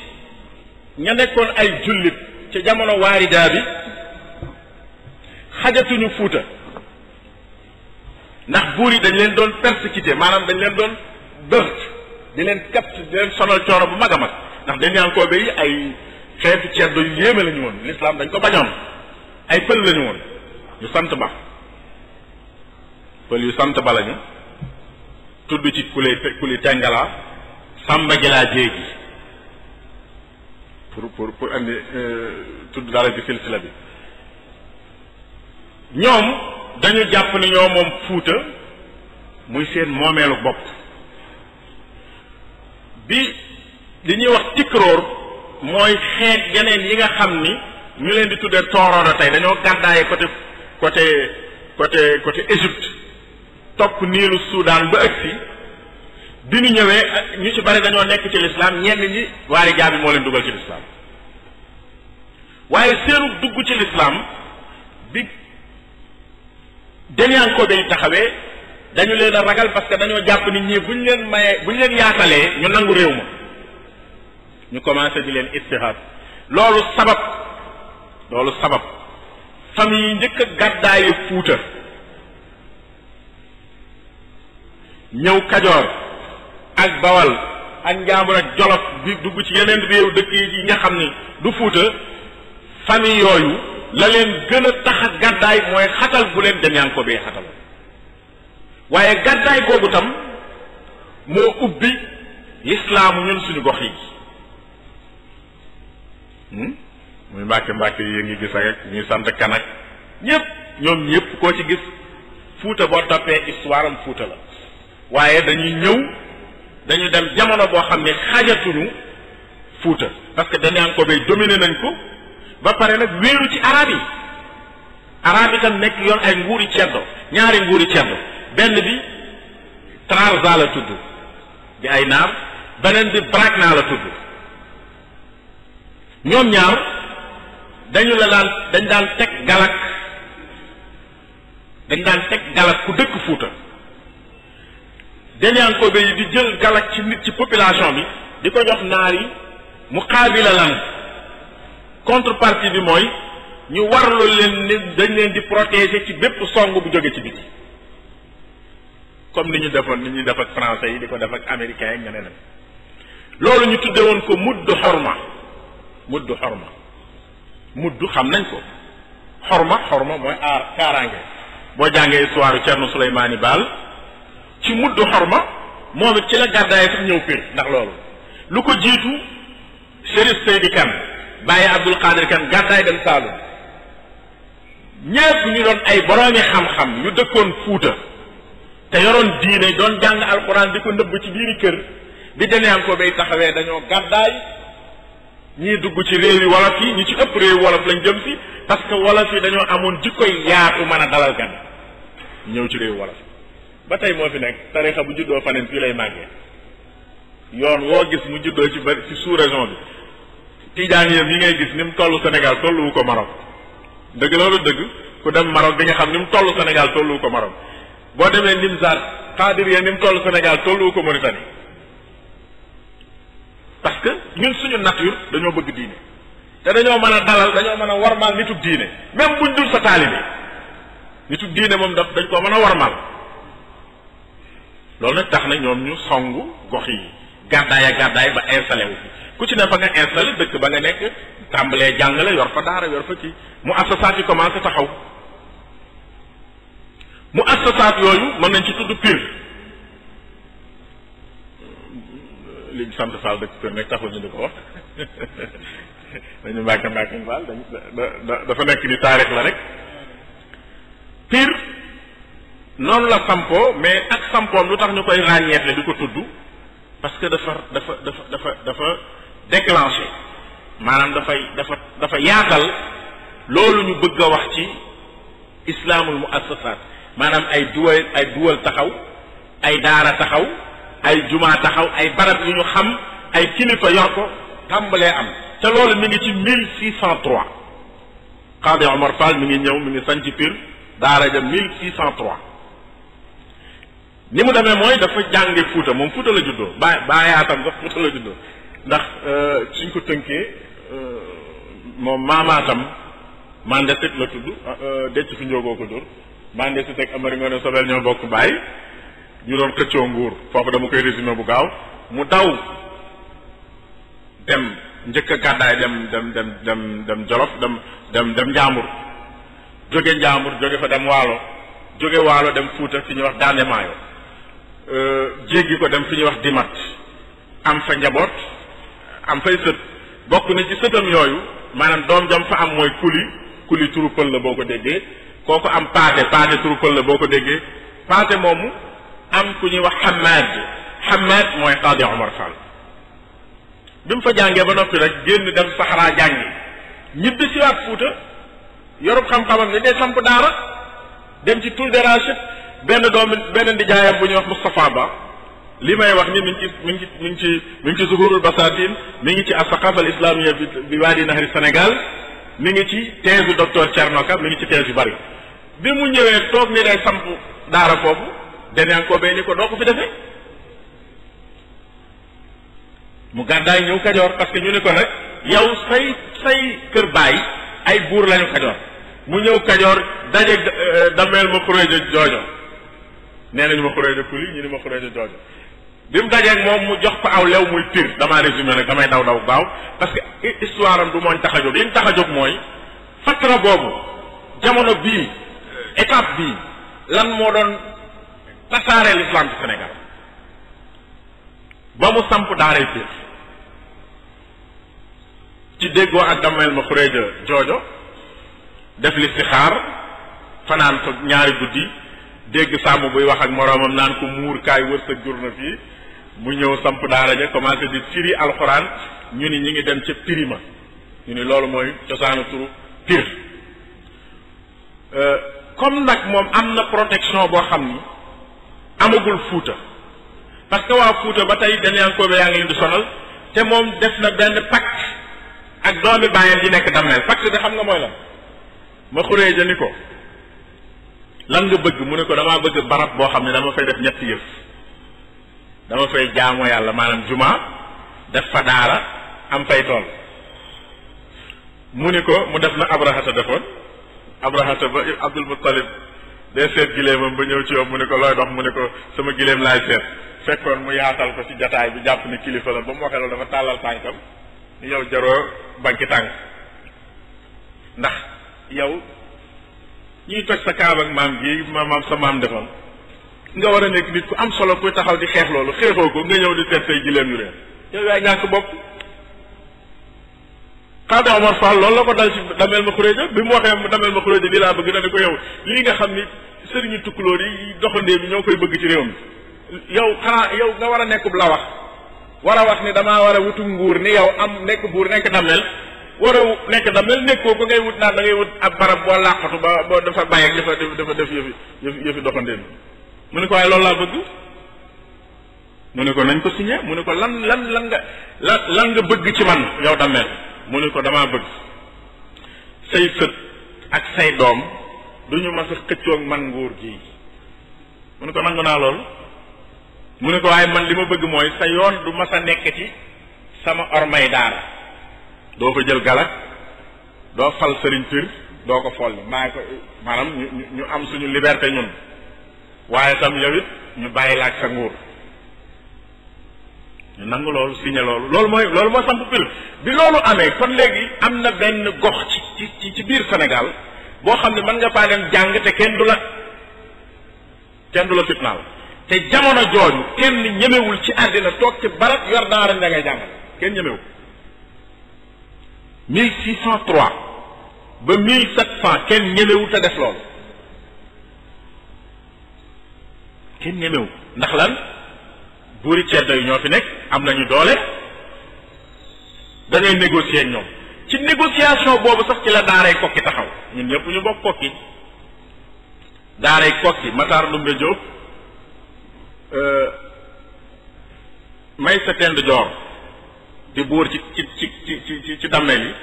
ña nekkoon ay jullit ci jamono waaridaa bi xajatuñu Fuuta ndax buur yi dañ leen doon persécuté maanaam dañ leen doon dërt di leen kapt di leen sonal coono bu mag a mag ndax Denyankoobe yi ay xeetu ceddo yu yéeme la woon lislaam dañ ko bañoon ay pël lañu woon ñu sant ba pël yu sant ba lañu tudd ci kuli kuli tengala sàmba gilaa jéegi pour pour pour andi euh, tudd daal ci silsila bi ñoom dañu jàpp ni ñoo moom fuuta muy seen moomeelu bopp bi li ñuy wax tikroor mooy xeet yeneen yi nga xam ni ñu leen di tuddee tooroona tey dañoo gàddaaye côté côté côté côté Égypte topp niilu Soudan ba ëgsi bi ñu ñëwee ñu ci bari dañoo nekk ci lislaam ñenn ñi waari jaabi moo leen dugal ci lislaam waaye seenu dugg ci lislaam bi dañaan ko bay taxawee dañu leen a ragal parce que dañoo jàpp ni ñii ñu leen mayee ñu leen yaatalee ñu nangu réew ma ñu commencé di leen istihaad loolu sabab loolu sabab famille yi njëkk a gàddaaye fuuta ñëw kajoor ak bawal ak njaambur ak jolof di dugg ci yeneen réew dëkk yi nga xam ni du fuuta famille yooyu la leen gën a tax a gàddaay mooy xatal bu leen dem ko bee xatal waaye gàddaay googu tam moo ubbi lislaamu ñun suñu gox yi hmm? muy mbàkke mbàkke yi ngi gis ak ñuy sant kanak ñëpp ñoom ñëpp koo ci gis fuuta boo toppee histoire am fuuta la waaye dañuy ñëw dañu dem jamono boo xam ne xajatuñu fuuta parce que dañu ko bay dominé nañ ko ba pare nag wéeru ci arab yi arab yi tam nekk yoon ay nguuri ceddo ñaari nguuri ceddo benn bi Trarza la tudd di ay naar beneen bi naa la tudd ñoom ñaar dañu la daan dañ daan teg galak dañ daan teg galak ku dëkk fuuta dañaan ko béy di jël galak ci nit ci population bi di ko jox naar yi mu xaabila lan contrepartie bi mooy ñu warlu leen ni dañ leen di protéger ci bépp song bu jóge ci biti comme ni ñu defoon ni ñu def ak français yi di ko def ak américains yi nga ne loolu ñu tudde woon ko mudd xorma mudd xorma mudd xam nañ ko xor xorma mooy aar kaaraange boo jàngee histoire Cerno Suleymaani Baal ci mudd ma moom it ci la gàddaay sax ñëw piir ndax loolu lu ko jiitu Chérif Seydi Kan bàyyi Abdul Qadir Kan gàddaay dem Saalum ñépp ñu doon ay boroomi xam-xam yu dëkkoon Fuuta te yoroon diine doon jàng alxuraan di ko nëbb ci biiri kër bi deneam ko bay taxawee dañoo gàddaay ñii dugg ci réewi wolof yi ñi ci ëpp réewi wolof lañ jëm si parce que wolof yi dañoo amoon jikkoy yaatu mën a dalal gan ñëw ci réew wolof ba tey moo fi nekk tarixa bu juddoo faneen fii lay màggee yoon woo gis mu juddoo ci bari ci sous région bi tiijaan yëpp yi ngay gis ni mu toll Sénégal tolluwu ko Maroc dëgg loolu dëgg ku dem Maroc di nga xam ni mu toll Sénégal tolluwu ko Maroc boo demee Nimzaat xaadir ya ni mu toll Sénégal tolluwu ko Mauritanie parce que ñun suñu nature dañoo bëgg diine te dañoo mën a dalal dañoo man a war warmaal nitub diine même buñ dul sa taalibe nitub diine moom daf dañ koo mën a war warmaal loolu nag tax na ñoom ñu songu gox yi gàddaay ak gàddaay ba installé wu ku ci ne fa nga installé dëkk ba nga nekk tàmbalee jàngale yor fa daara yor fa kii mu assasaat yi commencé taxaw mu assasaat yooyu mën nañ ci tudd piir liñ sant Fall dëkk kër taxul ñu di ko wax dañu mbàkke mbàkke Fall dañ dafa nekk ni taarix la rek pire noonu la sampoo mais ak sampoom lu tax ñu koy ràññeetle di ko tudd parce que dafa dafa dafa dafa dafa déclenché maanaam dafay dafa dafa yaatal loolu ñu bëgg a wax ci islaamul muassasaat maanaam ay duwal ay duwal taxaw ay daara taxaw ay jumaa taxaw ay barab yu ñu xam ay kilifa yor ko tàmbalee am te loolu mu ngi ci mille six cent trois Qadi Omar Fall mi ngi ñëw mu ngi sanc piir daara ja mille six cent trois ni mu demee mooy dafa jànge Fuuta moom Fuuta la juddoo ba baayaatam sax Fuuta la juddoo ndax euh, suñ ko tënkee euh, moom maamaatam Mandé Seck la tudd euh, Déthié fi njóogoo ko dóor Mandé Seck ak Amari Ngoone Sobel ñoo bokk baay ñu doon xëccoo nguur foofu dama koy résumé bu gaaw mu daw dem njëkk a gàddaay dem dem dem dem dem jolof dem dem dem njaambur jóge njaambur jóge fa dem waalo jóge waalo dem fuuta fi ñuy wax daande maayo euh, jéggi ko dem fi ñuy wax di mat am fa njaboot am fay sët bokk na ci sëtam yooyu maanaam doom jam fa am mooy kuli kuli turu la boo ko déggee kooku am paate paate turu la boo ko déggee paate moomu am ku ñuy wax Hamad Hamad mooy Qadi Omar Fall bi mu fa jàngee ba noppi rek génn dem Saxaraa jàngi ñibbi si waat Fuuta yorub xam-xamam ni day samp daara dem ci tour de Rachid benn doomu benn ndijaayam bu ñuy wax Moustapha Ba li may wax ni mi ngi ci mi ngi ci mu ngi ci mi ngi Basatin mi ngi ci asaqafa al islamia bi Wadi Nahri senegal mi ngi ci thèse docteur Thierno Ka mi ngi ci thèse yu bari bi mu ñëwee toog ni day samp daara foofu. Deneenko bay ni ko doo ko fi defee mu gàddaay ñëw Kajoor parce que ñu ne ko nag yow say say kër baay ay buur lañu Kajoor mu ñëw Kajoor daje euh, dameel ma a joojo nee nañu ma xuréejo kuli ñu ni ma xuréejo joojo bi mu dajeeg moom mu jox ko aw lew muy tir damaa résumé nag damay daw daw baaw parce que histoire du mooñ tax a jóg li ñu tax a jóg mooy fatra boobu jamono bii étape bii lan moo doon tasaare l'islam ci Sénégal ba mu samp daaray piir ci déggoo ak damel ma xuréja joojo def listixaar fanaan fa ñaari guddi dégg sàmm buy wax ak moroomam naan ko muur kaay wërsëg jur na fii mu ñëw samp daara ja commencé di firi alxuraan ñu ni ñu ngi dem ca pirima ñu ni loolu mooy cosaanu turu euh, comme nag moom am na protection boo xam ni amagul fuuta parce que waa fuuta ba tey Daniankoobe yaa ngi leen di sonal te moom def na benn pakk ak doomi bàyyam yi nekk dammeel pacte bi xam nga mooy lan ma xuree ja ni ko lan nga bëgg mu ne ko damaa bëgg barab boo xam ne dama fay def ñetti yëf dama fay jaamoo yàlla maanaam jumaa def fa daara am fay tool mu ni ko mu def na abrahata defoon abrahata ba abdul muttalib day seet gileemam ba ñëw ci yow mu ne ko looy dox mu ne ko sama gileem laay seet fekkoon mu yaatal ko ci jataay bi jàpp ni kilifa la ba mu waxee loolu dafa tàllal tànkam yow jaroo banki tànk ndax yow ñuy toj sa kaab ak maam gi maam sa maam defoon nga war a nekk nit ku am solo kuy taxaw di xeex loolu xeexoo ko nga ñëw di seet say gileem yu réer yow yaay ñàkk bopp Kado Omar Fall lool la ko dal ci dameel ma xuréja bi mu waxee dameel ma xuréja lii laa bëgg dana ko yow lii nga xam ni sëriñu tukkulóor yi doxandee bi ñoo koy bëgg ci réew mi yow xanaa yow nga war a nekkub la wax war a wax ni damaa war a wutu nguur ni yow am nekk buur nekk dameel war a nekk dameel nekkoo ko ngay wut naan da ngay wut ak barab boo làqatu ba boo dafa bàyyi ak dafa dafa def yëfi yëfi yëfi mu ne ko waaye loolu laa bëgg mu ne ko nañ ko signé mu ne ko lan lan lan nga lan lan nga bëgg ci man yow dameel mu ne ko damaa bëgg say sët ak say doom du ñu mas a man nguur gi mu ne ko nangu naa lool mu ne ko waaye man li ma bëgg mooy sa yoon du mas a sama ormay daara doo fa jël gala doo fal sëriñ pir doo ko folli maa ko maanaam ñu ñu am suñu liberté ñun waaye tam yow ñu bàyyi laaj sa nguur ñu nangu loolu signé loolu loolu mooy loolu mooy samp pil bi loolu amee kon léegi am na benn gox ci ci ci biir senegal boo xam ne mën nga faa dem jàng te kenn du la kenn du la fitnaal te jamono jooju kenn ñemewul ci àddina toog ci barab yor daara da ngay jàngal kenn ñemewul 1603 ba 1700 kenn ñemewul te def loolu kenn ñemewu ndax lan buuri ceddo yi ñoo fi nekk am nañu doole da ngay négocier ak ñoom ci négociation boobu sax ci la daaray kokki taxaw ñun ñëpp ñu bokk kokki daaray kokki Matar Ndumbe Diop euh, may sa tend joor di buur ci ci ci ci ci dammel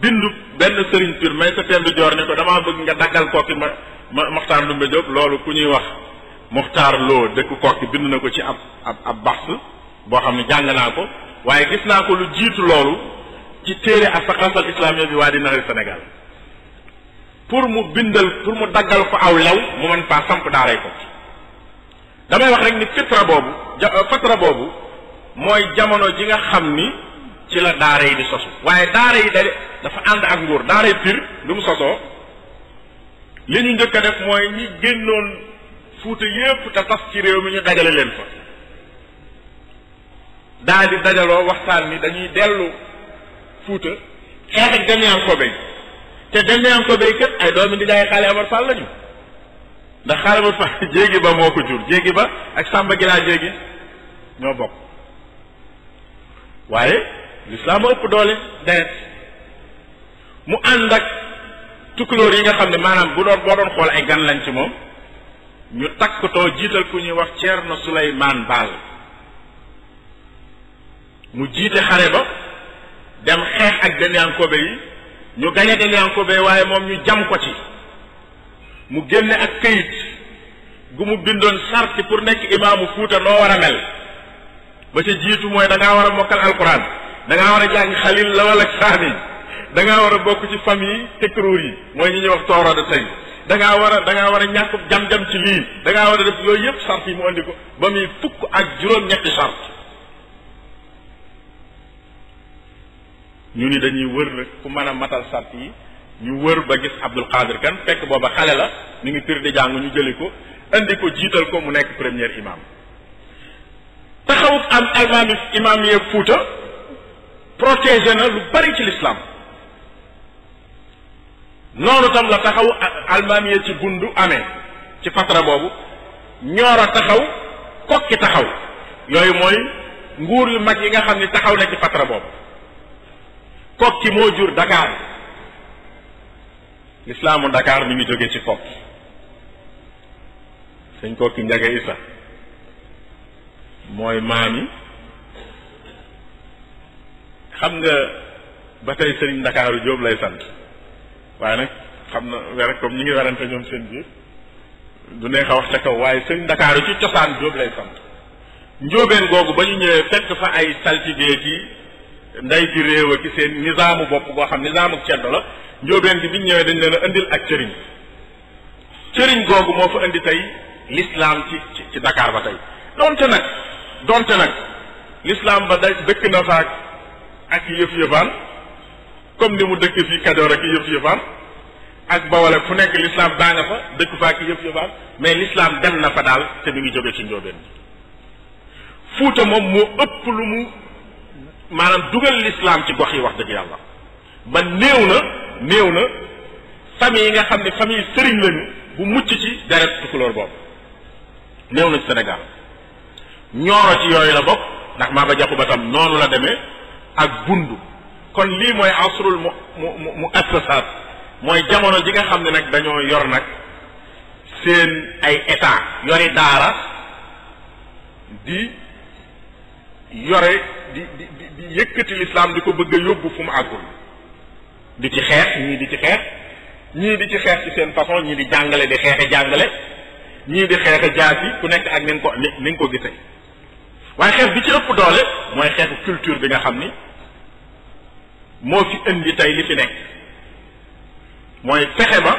bindu benn sëriñ pur may sa tend joor ne ko damaa bëgg nga daggal kokki ma ma Matar Ndumbe Diop loolu ku ñuy wax Muxtaar Lo dëkk Kokki bind na ko ci ab ab ab boo xam ne jàng naa ko waaye gis naa ko lu jiitu loolu ci téere ak saqafal islamiya bi waa di naxari Sénégal pour mu bindal pour mu daggal ko aw lew mu mën faa samp daaray ko damay wax rek ni fitra boobu ja euh, boobu mooy jamono ji nga xam ni ci la daara yi di sosu waaye daara yi dafa ànd ak nguur daara yi pir lu mu sosoo li ñu njëkk a def mooy ñi génnoon fuuta yépp te tas ci réew mi ñu dajale leen fa daal dajaloo waxtaan ni dañuy dellu fuuta xeex ak demeyaan ko bay te demeyaan ko bay kat ay doomi di jaay xaale Amar Fall lañu ndax xaale Amar Fall ba moo ko jur jéegi ba ak Samba Gila jéegi ñoo bokk waaye lislaam ëpp doole deret mu ànd ak tukulóor yi nga xam ne maanaam bu doon boo doon xool ay gan lañ ci moom ñu takkutoo jiital ku ñuy wax Ceerno Suleymaan Baal mu jiite xare ba dem xeex ak Denyankoobe yi ñu gañe Denyankoobe waaye moom ñu jam ko ci mu génne ak këyit gu mu bindoon sarti pour nekk imaamu Fuuta noo war a mel ba ca jiitu mooy da war a mokkal alquran da war a jàng xalil la wala saani da war a bokk ci famille tekruur yi mooy ñu ñuy wax tooroo tey da war a da war a ñàkk jam-jam ci lii da war a def yooyu yëpp sart yi mu andi ko ba muy fukk ak juróom-ñetti sart ñu ni dañuy wër nag ku man a matal sart yi ñu wër ba gis Abdul Qadir kan fekk booba xale la mu ngi pir di jàng ñu jëli ko andi ko jiital ko mu nekk premier imam taxawut am almaami imaam yee fuuta protégé na lu bari ci l'islam noonu tam la taxaw almaamiya ci gundu amee ci fatra boobu ñoor taxaw kokki taxaw yooyu mooy nguur yu mag yi nga xam ni taxaw na ci fatara boobu kokki moo jur Dakar lislaamu Dakar bi ngi jóge ci kokki sëñ kokki njaga isa mooy yi xam nga ba tey sëriñ Ndakaaru Jóob lay sant waaye nag xam na were comme ñu ngi werante ñoom seen biir du neex a wax ca kaw waaye sëñ ndakaaru ci cosaan jóob lay sant njóobeen googu ba ñu ñëwee fekk fa ay saltige ki nday ci réew ki seen nizaamu bopp goo xam nizaamu ceddo la njóobeen gi bi ñu ñëwee dañ leen indil ak cëriñ cëriñ googu moo fa indi tey l'islam ci ci Dakar ba tey donte nag donte nag l'islam ba day dëkk na faak ak yëf yëfaan comme ni mu dëkk fii Kajoor ak yëf yëfaan ak Bawol ak fu nekk l'islam baa nga fa dëkk fa ak yëf yëfaan mais l'islam dem na fa daal te mi ngi jóge ci njóobeen bi fuuta moom moo ëpp lu mu maanaam dugal l'islam ci gox yi wax dëgg yàlla ba néew na néew na famille yi nga xam ne famille sëriñ lañu bu mucc ci deret tukulóor boobu néew na ci Sénégal ñooro ci yooyu la bokk ndax maa ba jàpp ba tam noonu la demee ak bund kon lii mooy asrul mu mu mu assasaat mooy jamono ji nga xam ne nag dañoo yor nag seen ay état yori daara di yore di di di yëkkati lislaam di ko bëgg a yóbbu fu mu àggul di ci xeex ñii di ci xeex ñii di ci xeex ci seen façon ñii di jàngale di xeexe jàngale ñii di xeexe jaas yi ku nekk ak ni nga ko ni ko gisee waaye xeex bi ci ëpp doole mooy xeexu culture bi nga xam ni moo fi indi tey li fi nekk mooy fexe ba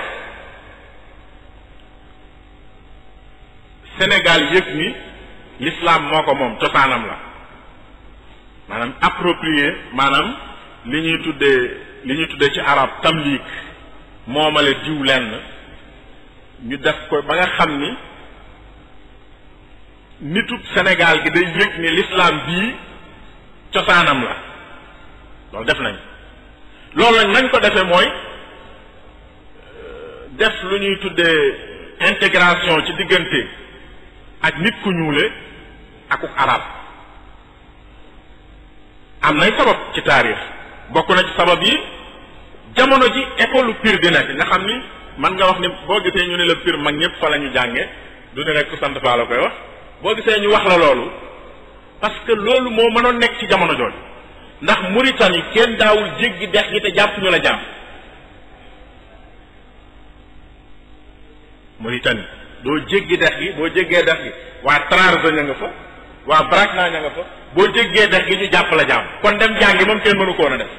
Sénégal yëg ni lislaam moo ko moom cosaanam la maanaam approprié maanaam li ñuy tuddee li ñuy tuddee ci arab tam tamlik moomale diw lenn ñu def ko ba nga xam ni nitub Sénégal gi day yëg ni l'islam bii cosaanam la loolu def nañ loolu nag nañ ko defee mooy euh, def lu ñuy tuddee integration ci diggante ak nit ku ñuule ak arab am nay sabab ci taarix bokk na ci sabab yi jamono ji école Pire di nekk nga xam ni man nga wax ni boo gisee ñu ne la piir mag ñëpp fa la ñu jànge du ne rek sant Faal koy wax boo gisee ñu wax la loolu parce que loolu moo mën mënoon nekk ci jamono jooju ndax muritan yi kenn daawul jéggi dex gi te jàpp ñu la jàpp Mauritanie doo jéggi dex gi boo jéggee dex gi waa Trarza ña nga fa waa Brakna ña nga fa boo jéggee dex gi ñu jàpp la jàpp kon dem jàngi moom kenn mënu koon a def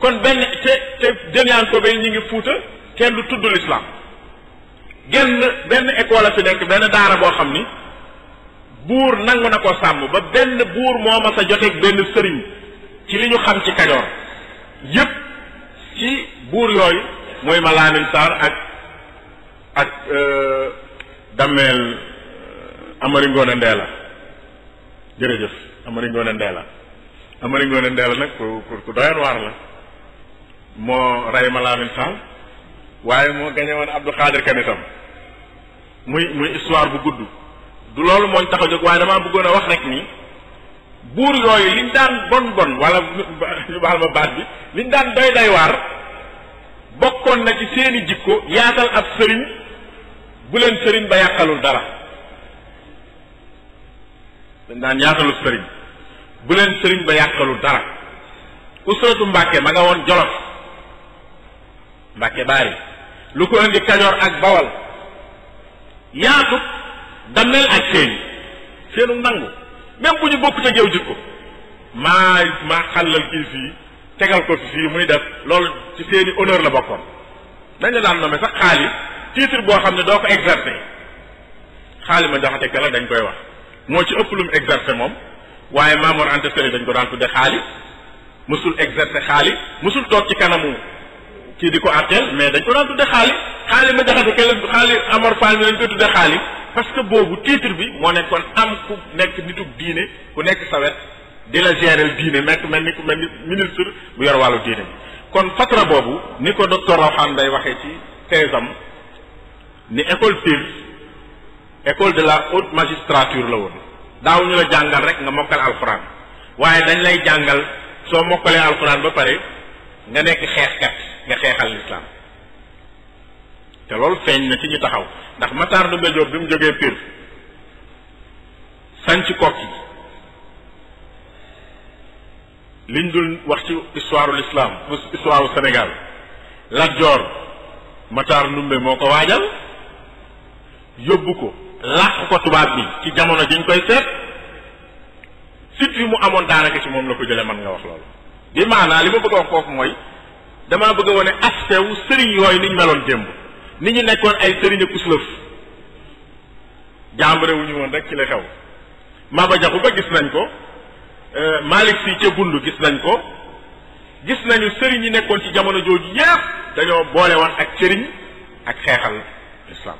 kon benn te te dënaan ko ba ñu ngi fuuta kenn du tudd l'islam genn benn école a fi nekk benn daara boo xam ni buur nangu na ko sàmm ba benn buur moo a sa joteeg benn sëriñ ci li ñu xam ci kajoor yépp ci buur yooyu mooy ma laamin saar ak ak euh, dammeel euh, amari ngoone ndeela jërëjëf amari ngoone ndeela amari ngoone ndeela nag ku ku doyoon waar la moo rey ma laamin waaye moo gañe woon Abdou Khadir muy muy histoire bu gudd du loolu mooñ tax a jóg waaye damaa bëggoon a wax rek nii buur yooyu liñ daan bon bon wala ñu baal ma baat bi liñ daan doy day waar bokkoon na ci seeni jikko yaatal ab sëriñ buleen sëriñ ba yàqalul dara dañ daan yaatalu leen sëriñ ba yàqalul dara usratu mbàkke ma nga woon jolof mbàkke baari lu ko indi kajoor ak bawal yaatu damel ak seen seenu nangu même bu ñu bokkut géew yow ko maa maa xàllal kii fii tegal ko fi fii muy def loolu ci seeni honneur la bokkoon dañ la daan nommé sax xaali titre boo xam ne doo ko exercer xaali ma jaxate kala dañ koy wax moo ci ëpp lu mu exercer moom waaye Maamoor Anta Sali dañ ko daan tudde xaali musul exercer xaali mosul toog ci kanamu kii di ko àtteel mais dañ ko daan tudde xaali xaali ma jaxate kenn xaali Amar Fall mi lañ ko tudde xaali parce que boobu titre bi moo nekkoon am ku nekk nitug diine ku nekk sawet di la gérer diine mekk mel ni ku mel ni ministre bu yor wàllu diine kon fatra boobu ni ko docteur Rawhan day waxee ci thèse am ni école Pire école de la haute magistrature la woon daaw ñu la jàngal rek nga mokkal alxuraan waaye dañ lay jàngal soo mokkalee alxuraan ba pare nga nekk xeexkat nga xeexal lislaam te loolu feeñ na ci ñu taxaw ndax Matar Ndoumbe Diop bi mu jógee Pire sanc kokki liñ dul wax ci histoire l'islam histoire u Sénégal Lat Joor Matar moo ko waajal yóbbu ko làq ko tubaab bi ci jamono jiñ koy seet fit wi mu amoon daanaka ci moom la ko jële man nga wax loolu bi maanaa li ma bëgg a mooy damaa bëgg a wane aspect wu sëriñ yooyu ni meloon démb ni ñu nekkoon ay sëriñ ak uslëf jàmbare woon rek ci la xew Maba Jaxu ba gis nañ ko euh, Malick Sy ca Bundu gis nañ ko gis nañu sëriñ yi nekkoon ci jamono jooju yépp dañoo boole woon ak sëriñ ak xeexal islam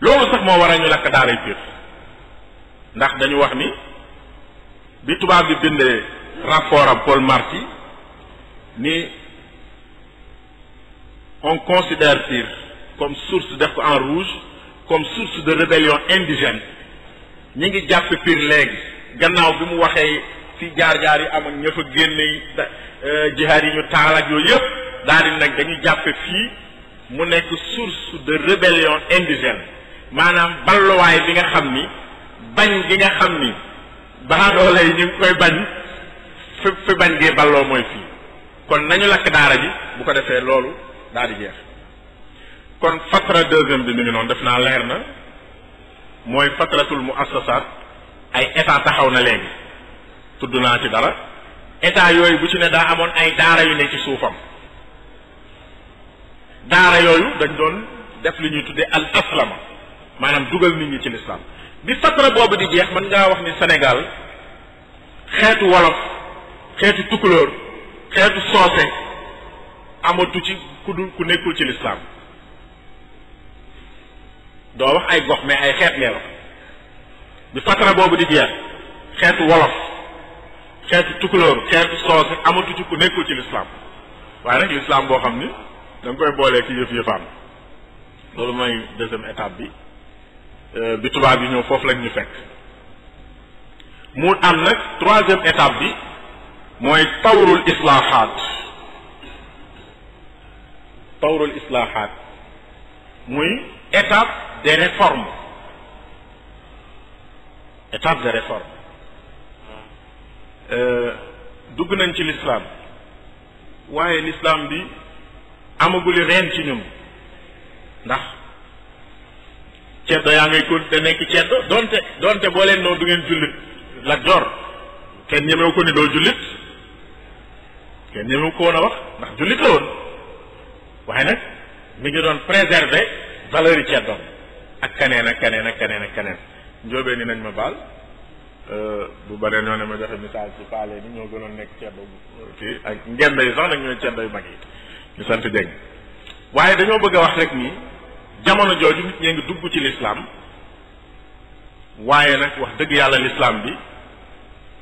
loolu sax moo waral ñu lakk daaray Pire ndax dañu wax ni bi tubaab bi bindee rapport am Paul Marty ni on considère Tyr comme source def ko en rouge comme source de rébellion indigène ñi ngi jàpp Tyr léegi gannaaw bi mu waxee ci jaar-jaar yi am ak ña fa génne yi euh, jihaad yi ñu taal yooyu yëpp daal di nag dañu jàppe fii mu nekk source de rébellion indigène maanaam ballowaay bi nga xam ni bañ gi nga xam ni baadoole yi ñu ngi koy bañ fi fi bañ gee balloo mooy fii kon nañu lakk daara ji bu ko defee loolu daal di jeex kon fatra deuxième bi mi ngi noonu def naa leer na mooy fatratul muassasaat ay état taxaw na léegi tudd naa ci dara état yooyu bu ci ne daa amoon ay daara yu ne ci suufam daara yooyu dañ doon def li ñuy tuddee al aslama maanaam dugal nit ñi ci lislaam bi fatra boobu di jeex mën ngaa wax ni senegal xeetu wolof xeetu tukulóor xeetu soose amatu ci ku dul ku nekkul ci lislaam doo wax ay gox mais ay xeet ngay wax bi fatara boobu di jeex xeetu wolof xeetu tukulóor xeetu soose amatu ci ku nekkul ci lislaam waaye nag lislaam boo xam ni da koy boolee ci yëf yëfaan loolu mooy deuxième étape bi euh, bi tubaab yi ñëw foofu lañ ñu fekk mu am nag troisième étape bi mooy tawrul islaaxaat tawrul islaahaat muy étape des réformes étape des réformes euh, dugg nañ ci l'islam waaye lislaam bi amaguli reen ci ñun ndax ceddo yaa ngay ko te nekk ceddo donte donte boo leen noo du ngeen jullit la jor kenn ñemewu ko ni doo jullit kenn ñemewu ko woon a wax ndax jullit la woon waaye nag mu ngi doon préserver valeur yi ceddoom ak kaneen ak kaneen ak kaneen ak kaneen njóobee ni nañ ma baal euh, bu baree ñoo ne ma joxe misaal ci faale ni ñoo gënoon nekk bu kii ak ngenda yi sax nag ñooy ceddo yu mag yi ñu sant jëng waaye dañoo bëgg a wax rek nii jamono jooju nit ñee ngi dugg ci lislaam waaye nag wax dëgg yàlla lislaam bi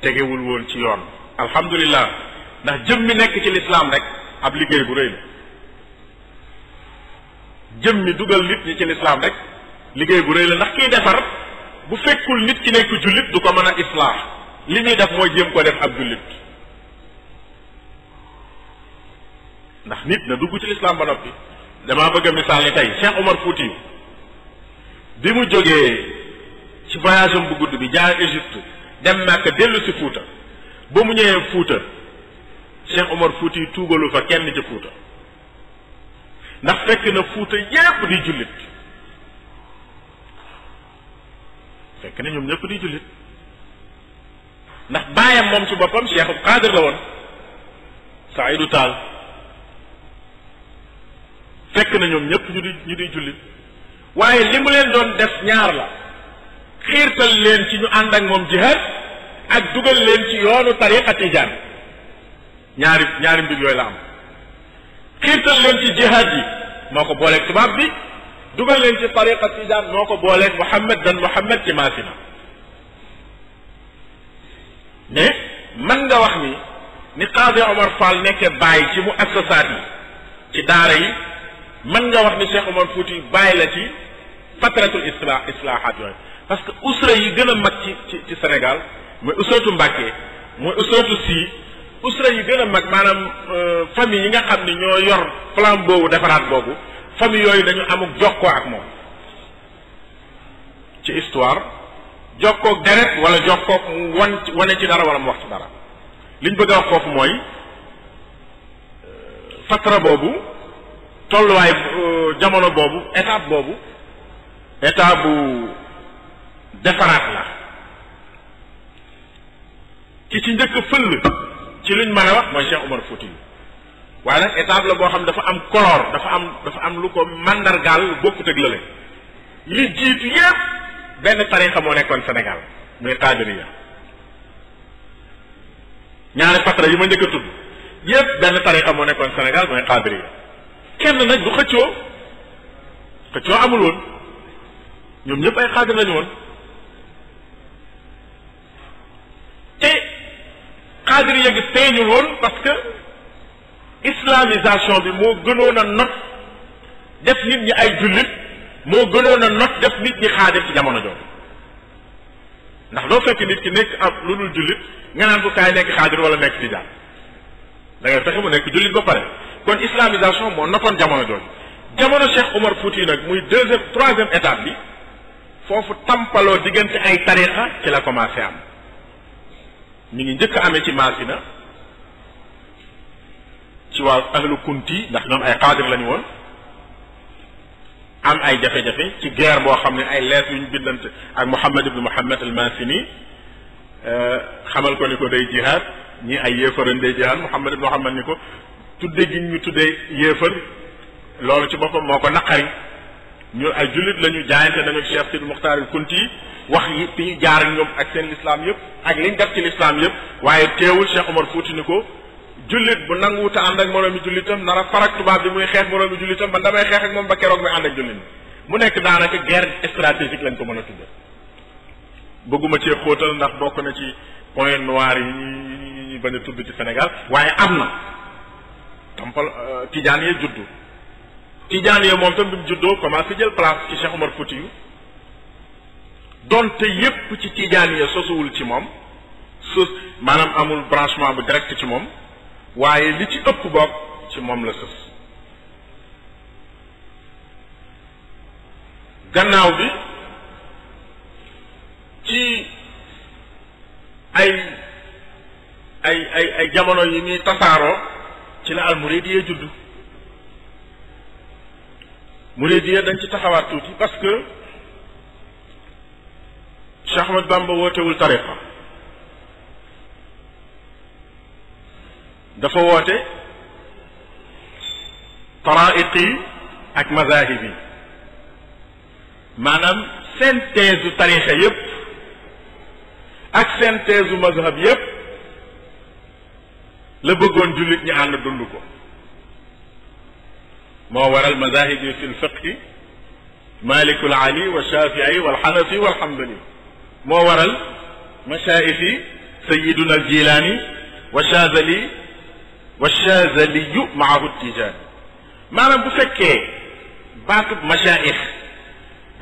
tegewul woon ci yoon alhamdulilah ndax jëm mi nekk ci lislaam rek ab liggéey bu rëy la jëm mi dugal nit ñi ci lislaam rek liggéey bu rëy la ndax kiy defar bu fekkul nit ki nekk jullit du ko mën a islaax li muy def mooy jéem ko def ab jullit ndax nit na dugg ci lislaam ba bi damaa bëgg a misaal ni tey Cheikh Omar Fouti bi mu jógee ci voyage bu gudd bi jaar Égypte dem Màkka dellu si Fuuta ba mu ñëwee Fuuta Cheikh Omar fuuti tuugalu fa kenn ci Fuuta ndax fekk na fuuta yépp di jullit fekk na ñoom ñëpp di jullit ndax baayam moom ci boppam Cheikhul Qadir la woon Saïdou Tall fekk na ñoom ñëpp ñu di ñu di jullit waaye li mu leen doon def ñaar la xiirtal leen ci ñu ànd ak moom jihad ak dugal leen ci yoonu tariqa tijaan ñaari ñaari mbir yooyu la am xiirtal leen ci jihaad yi moo ko booleeg tubaab bi dugal leen ci tariqa tijaan moo ko booleeg Muhammad dan Muhammad ci maasina mais mën nga wax ni ni Qaadi Omar Fall nekkee bàyyi ci mu assasaat yi ci daara yi mën nga wax ni Cheikh Omar Fouti bàyyi la ci fatratul isla islaahaat yooyu parce que usra yi gën a mag ci ci ci Sénégal usratu Mbàkke mooy usratu Sy usra yi gën a mag maanaam euh, famille yi nga xam ni ñoo yor plan boobu defaraat boobu famille yooyu dañu amuk jokkoo ak moom ci histoire jokkoog deret wala jokkoog mu wan wane ci dara wala mu wax ci dara liñ bëgg a wax foofu mooy euh, fatra boobu tolluwaay euh, jamono boobu étape boobu état bu defaraat la ki ci njëkk fëll ci luñ mën a wax mooy Cheikh Omar Fouti waaye nag étape la boo xam dafa am koloor dafa am dafa am lu ko mandargaal lu bokkut ak lële li jiitu yépp benn tarixa moo nekkoon Sénégal muy Qaadiriya yi ma njëkk a tudd yépp benn tarixa moo nekkoon Sénégal mooy Qaadiriya kenn nag du xëccoo xëccoo amul ñoom ñëpp ay xaadir lañu woon xaadir yëg feeñul woon parce que islamisation bi moo gënoon a not def nit ñi ay jullit moo gënoon a not def nit ñi xaadir ci jamono jooju ndax doo fekk nit ki nekk ab lu dul jullit nga naan ko kaay nekk xaadir wala nekk tijaan da ngay fexe mu nekk jullit ba pare kon islamisation moo notoon jamono jooju jamono Cheikh Omar Fouti nag muy deuxième troisième étape bi foofu tampaloo diggante ay tariqa ci la commencé am mi ngi njëkk amee ci maasina ci waa ahlu kunti ndax ñoom ay xaadir lañu woon am ay jafe-jafe ci guerre boo xam ne ay lees yuñ bindante ak Muhammad ibnu Muhammad al Masini euh, xamal ko ni ko day jihaad ñi ay yéefaran day jihaad Muhammad ibnu Muhammad ni ko tudde gi ñu tudde yéefar loolu ci boppam moo ko naqari ñu ay jullit lañu jaayante nañu Cheikh Sidi Muxtaar al Kunti yi wax yi fi ñu jaar ñoom ak seen lislaam yëpp ak liñ def ci lislaam yëpp waaye teewul Cheikh Omar Fuuti ni ko jullit bu nanguwuta ànd ak moroomi jullitam nar a farak tubaab bi muy xeex moroomi jullitam man damay xeex ak moom ba keroog muy ànd ak jullit mu nekk daanaka guerre stratégique lañ ko mën a tudde bëgguma cee xóotal ndax bokk na ci point noir yi ñu ñu bañ a tudd ci Sénégal waaye am na tampal euh, tijaan yi juddu Tijaan yee moom tam bi mu juddoo commencé jël place ci Cheikh Omar Fouti yu donte yépp ci Tijaan yee sosuwul ci moom sos maanaam amul branchement bu direct ci moom waaye li ci ëpp bokk ci moom la sos gannaaw bi ci ay ay ay ay jamono yi ñuy tasaaroo ci la almurid yee juddu muridiya dañ ci taxawaat tuuti parce que Cheikh Ahmad Bamba wootewul tariqa dafa woote taraiqi ak mazahib yi maanaam synthèse u yépp ak synthèse u mazhab yépp la bëggoon jullit ñi ànd dund ko moo waral mazahib yi fi lfiqhi maliku lali wa shafii walxanafi walhambali moo waral mashaayix yi sayiduna aljilaani wa shazali wa shazaliyu maahu tijaani maanaam bu fekkee baatub mashaayix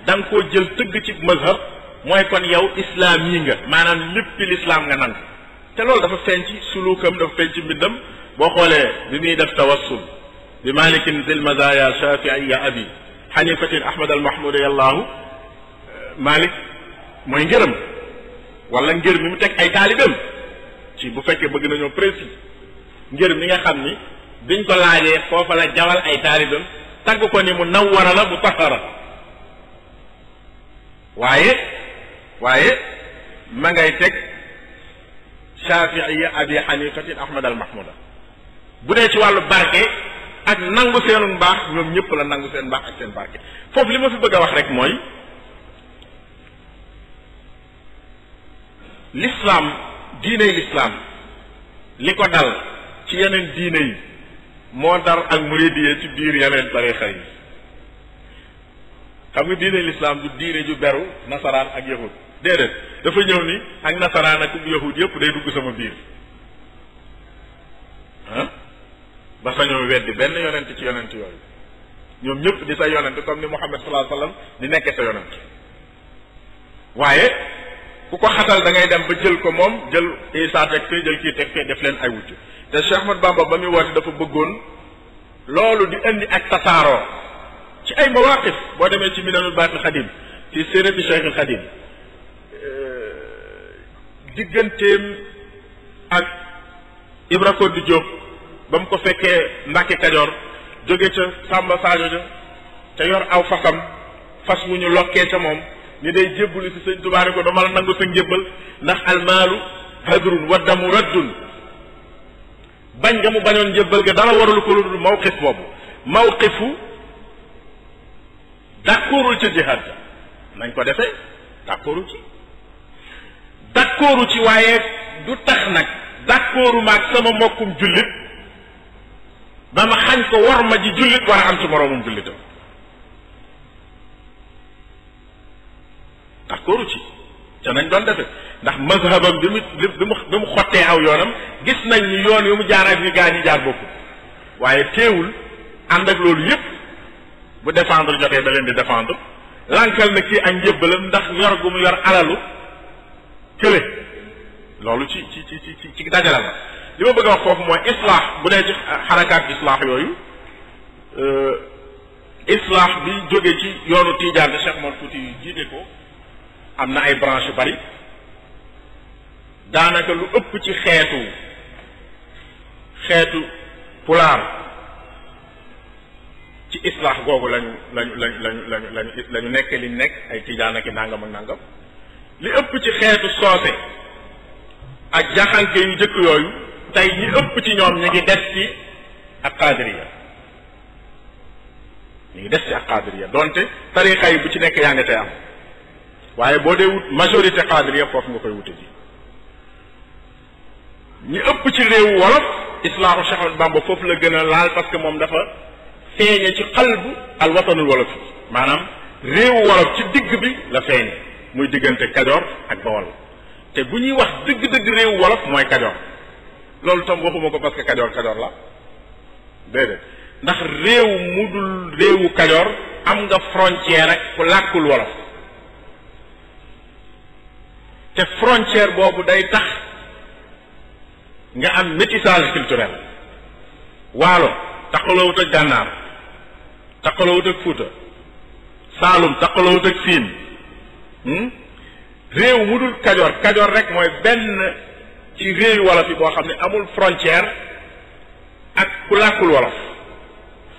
da nga koo jël tëgg ci mazhab mooy kon yow islaam yi nga maanaam léppi lislaam nga nangu te loolu dafa feeñ ci suluukam dafa feeñ ci mbindam boo xoolee bi muy def tawassul bi malikin zil mazaya shafii ya abi xanifatin ahmad al mahmud yallaahu eh, malik mooy ngërëm wala ngër mi mu teg ay taalibam ci bu fekkee bëgg nañoo précis ngër mi nga xam ni biñ ko laajee foofa la ay taalibam tagg ko ni mu nawwara la mu taxara waaye waaye ma ngay teg shafii ya abi xanifatin ahmad al mahmuda bu dee ci wàllu barke ak nangu seenu mbaax ñoom ñëpp la nangu seen mbaax ak seen barke foofu li ma fi bëgg a wax rek mooy lislaam diiney lislaam li ko dal ci yeneen diine yi moo dar ak muridiyee ci biir yeneen tarixa yi xam nga diine lislaam du diine ju beru nasaraan ak yahud déedéet dafa ñëw ni ak nasaraan ak yahud yépp day dugg sama biir ba sañoo weddi benn yonent ci yonent yooyu ñoom ñëpp di sa yonent comme ni Muhammad sallallahu alayhi di nekkee sa yonent waaye ku ko xatal da ngay dem ba jël ko moom jël Isa teg fee jël kii teg fee def leen ay wujj te Cheikh Ahmad ba muy woote dafa bëggoon loolu di indi ak tasaaroo ci ay mawaqif boo demee ci minanul baaxil xadim ci sérati cheikhil xadim digganteem ak Ibra Kodd Diop ba mu ko fekkee Mbàkke Kajoor jóge ca Sàmba Saajo ja ca yor aw fasam fas wu ñu lokkee ca moom ni day jébbali ci sëñ Tuubaa ko dama la nangu sa njébbal ndax almaalu hadrun wa raddun bañ nga mu bañoon njébbal ga a waralu ko lu mawqif boobu mawqifu d'accordul ca jihaad ja nañ ko defee d'accordu ci d'accordu ci waaye du tax nag d'accordu maag sama mbokkum jullit dana xañ ko war ma ji jullit war a am ci moroomum jullitam d'accord ci ca nañ doon defe ndax mazhabam bi mu bi mu bi mu xottee aw yoonam gis nañ ni yoon yu mu jaar ak yu gaa ñi jaar bokku waaye teewul ànd ak loolu yépp bu défendre jotee da leen di défendre lankal na kii ak njëbbalam ndax yor gu mu yor alalu kële loolu ci ci ci ci ci dajala la li ma bëgg a wax mooy islaax bu dee ci xarakaat islaax yooyu euh, islaax bi jóge ci yoonu Tiijaan de Cheikh Mor Fouti yu jiite ko am na ay branche yu bari daanaka lu ëpp ci xeetu xeetu pulaar ci islaax googu lañu lañu lañu lañu lañu lañu lañu nekk liñ nekk ay Tiijaan ak nangam ak nangam li ëpp ci xeetu soose ak jaxanke yu jëkk yooyu tey ñi ëpp ci ñoom ñu ngi des ci ak qaadiriya ñu ngi des ci ak qaadiriya donte tariqa yi bu ci nekk yaa ngi am waaye boo dee wut majorité qaadiriya foofu nga koy wute ji ñi ëpp ci réew wolof islaamu Cheikh Ahmad Bamba foofu la gën a laal parce que moom dafa feeñe ci xalbu al watanul wolof yi maanaam réewu wolof ci digg bi la feeñe muy diggante Kajoor ak Bawol te bu ñuy wax dëgg-dëgg réewu wolof mooy Kajoor loolu tam waxuma ko parce que kajoor kajoor la déedéet ndax réew mu dul réewu kajoor am nga frontière ak ku làkkul wolof te frontière boobu day tax nga am métissage culturel waalo taqaloowut ak gànnaar taqaloowut ak fuuta saalum taqaloowut ak siin hmm? réew mu dul kajoor kajoor rek mooy benn ci réewi wolof yi boo xam ne amul frontière ak ku làkkul wolof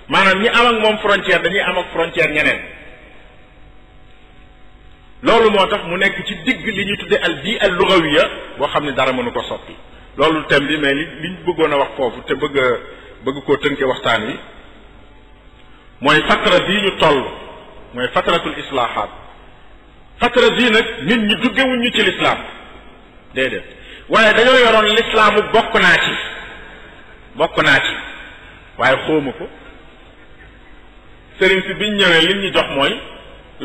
maanaam ñi am ak moom frontière dañuy am ak frontière ñeneen loolu moo tax mu nekk ci digg li ñuy tudde al bii al lugawiya boo xam ne dara mënu ko soppi loolu thème bi mais li liñ bëggoon a wax foofu te bëgg bëgg koo tënke waxtaan wi mooy fatra bii ñu toll mooy fatratul islaahaat fatra bii nag nit ñi duggewuñ ñu ci lislaam déedéet waaye dañoo yoroon lislaamu bokk naa ci bokk naa ci waaye xóoma ko sëriñ si biñ ñëwee liñ ñu jox mooy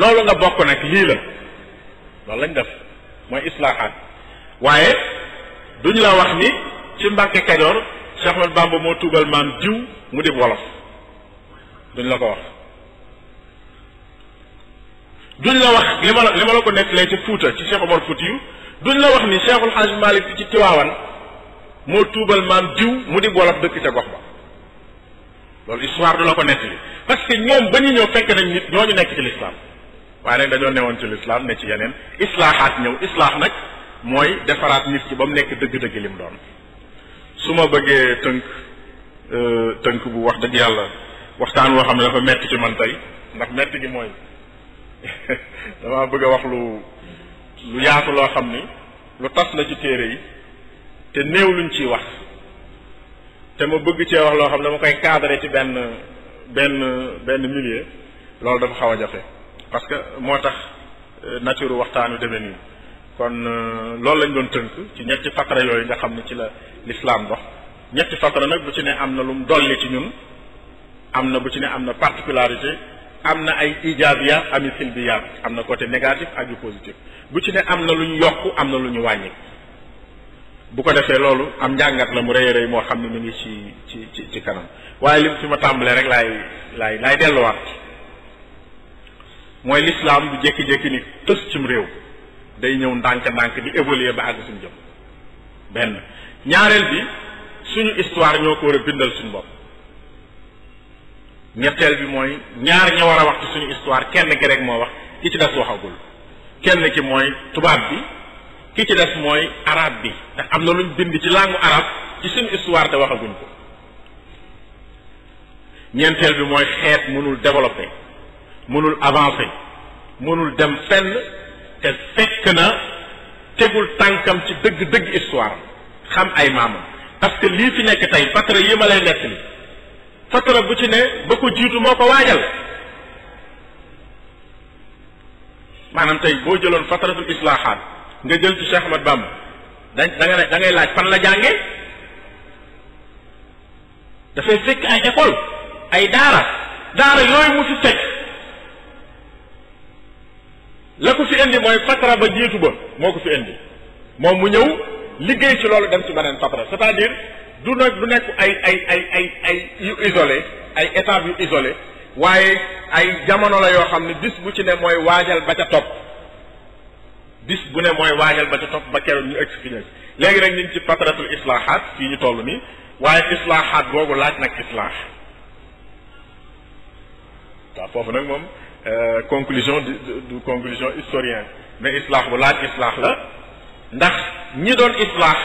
loolu nga bokk nag lii la loolu lañ def mooy islaaxaat waaye duñ la wax ni ci Mbàkke Kajoor Cheikh Ahmad moo tugal maam jiw mu di wolof duñ la ko wax duñ la wax li ma la li ma la ko nekk lay ci Fuuta ci Cheikh Omar Fuutiyu duñ la wax ni Cheikhul Hadj Malick bi ci Tiwaawan moo tuubal maam diw mu di wolof dëkk ca gox ba loolu histoire du la ko nettali parce que ñoom ba ñu ñëw fekk nañ nit ñu nekk ci lislaam waaye nag dañoo newoon ci lislaam ne ci yeneen islaaxaat ñëw islaax nag mooy defaraat nit ki ba mu nekk dëgg-dëgg lim doon su ma bëggee tënk euh, tënk bu wax dëgg yàlla waxtaan woo xam ne dafa metti ci man tey ndax metti gi mooy damaa bëgg wax lu lu yaatu loo xam ni lu tas na ci téere yi te néew luñ ciy wax te ma bëgg cee wax loo xam ne dama koy cadré ci benn benn benn millier loolu dafa xaw a jafe parce que moo tax euh, nature waxtaan wi demee nii kon euh, loolu lañ doon tënk ci ñetti fatra yooyu nga xam ne ci la l'islam dox ñetti fatra nag bu ci ne am na lu mu dolli ci ñun am na bu ci ne am na particularité am na ay ijaabiyaat ami silbiyaat am na côté négatif ak yu positif bu ci ne am na lu ñu yokk am na lu ñu wàññi bu ko defee loolu am njàngat la mu rëy rëy moo xam ne mu ngi ci ci ci kanam waaye lim fi ma tàmbalee rek laay laay laay delluwaat mooy lislaam bu jékki-jékki ni tës cim réew day ñëw ndànk-ndànk di évoluer ba àgg suñu jëm benn ñaareel bi suñu histoire ñoo ko war a bindal suñu bopp ñetteel bi mooy ñaar ña war a wax ci suñu histoire kenn ki rek moo wax ki ci des waxagul kenn ki mooy tubaab bi ki ci des mooy arab bi ndax am na luñ bind ci langue arab ci suñu histoire te waxaguñ ko ñeenteel bi mooy xeet mënul développé mënul avancé mënul dem fenn te fekk na tegul tànkam ci dëgg-dëgg histoire xam ay maamam parce lii fi nekk tey fatara yi ma lay nekk ni fatara bu ci ne ba ko jiitu moo ko waajal maanaam tey boo jëloon fatratul islahaat nga jël ci Cheikh Ahmad Bamba da dangay laaj fan la jànge dafay fekk ay école ay daara daara yooyu mu fi teg la ko fi indi mooy fatra ba jiitu ba moo ko fi indi moom mu ñëw liggéey ci loolu dem ci beneen fatra cest à du nag du nekk ay ay ay ay ay yu isolé ay étapes yu isolé waaye ay jamono la yoo xam ne bis bu ci ne mooy waajal ba ca topp bis bu ne mooy waajal ba ca topp ba keroog ñu egsi léegi nag ñu ngi ci patratul islaahaat fii ñu toll nii waaye islaahaat boobu laaj nag islaax waaw foofu nag moom euh, conclusion du conclusion historien mais islaax bu laaj islaax la ndax ñi doon islaax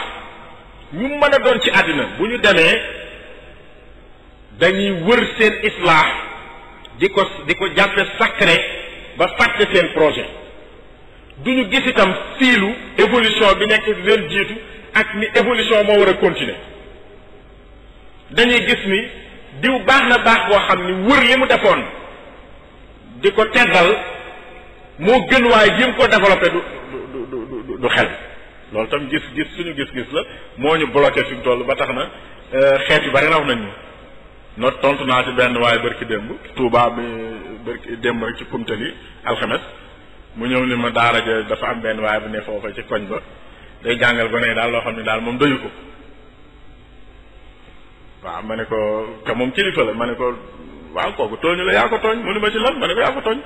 ñu mën a doon ci àddina bu ñu demee dañuy wër seen islaax di ko di ko jàppe sacré ba fàtte seen projet du ñu gis itam fiilu évolution bi nekk leen jiitu ak ni évolution moo war a continuer dañuy gis ni diw baax na baax boo xam ni wër li mu defoon di ko teddal moo gën waaye jim ko développé du du du du xel loolu tam gis gis suñu gis-gis la moo ñu bloqué fi mu toll ba tax na euh, xeet yu bari raw nañ ñu not tontu naa ci benn waaye bërki démb Touba bi bërki démb rek ci kumtali alxames mu ñëw ni ma daara ja dafa am benn waaye bu ne foofa ci koñ ba day jàngal gone yi daal loo xam ne daal moom doyu ko waaw ma ne ko te moom kilifa la ma ne ko waaw kooku tooñu la yaa ko tooñ mu ne ma ci lan ma ne ko yaa ko tooñ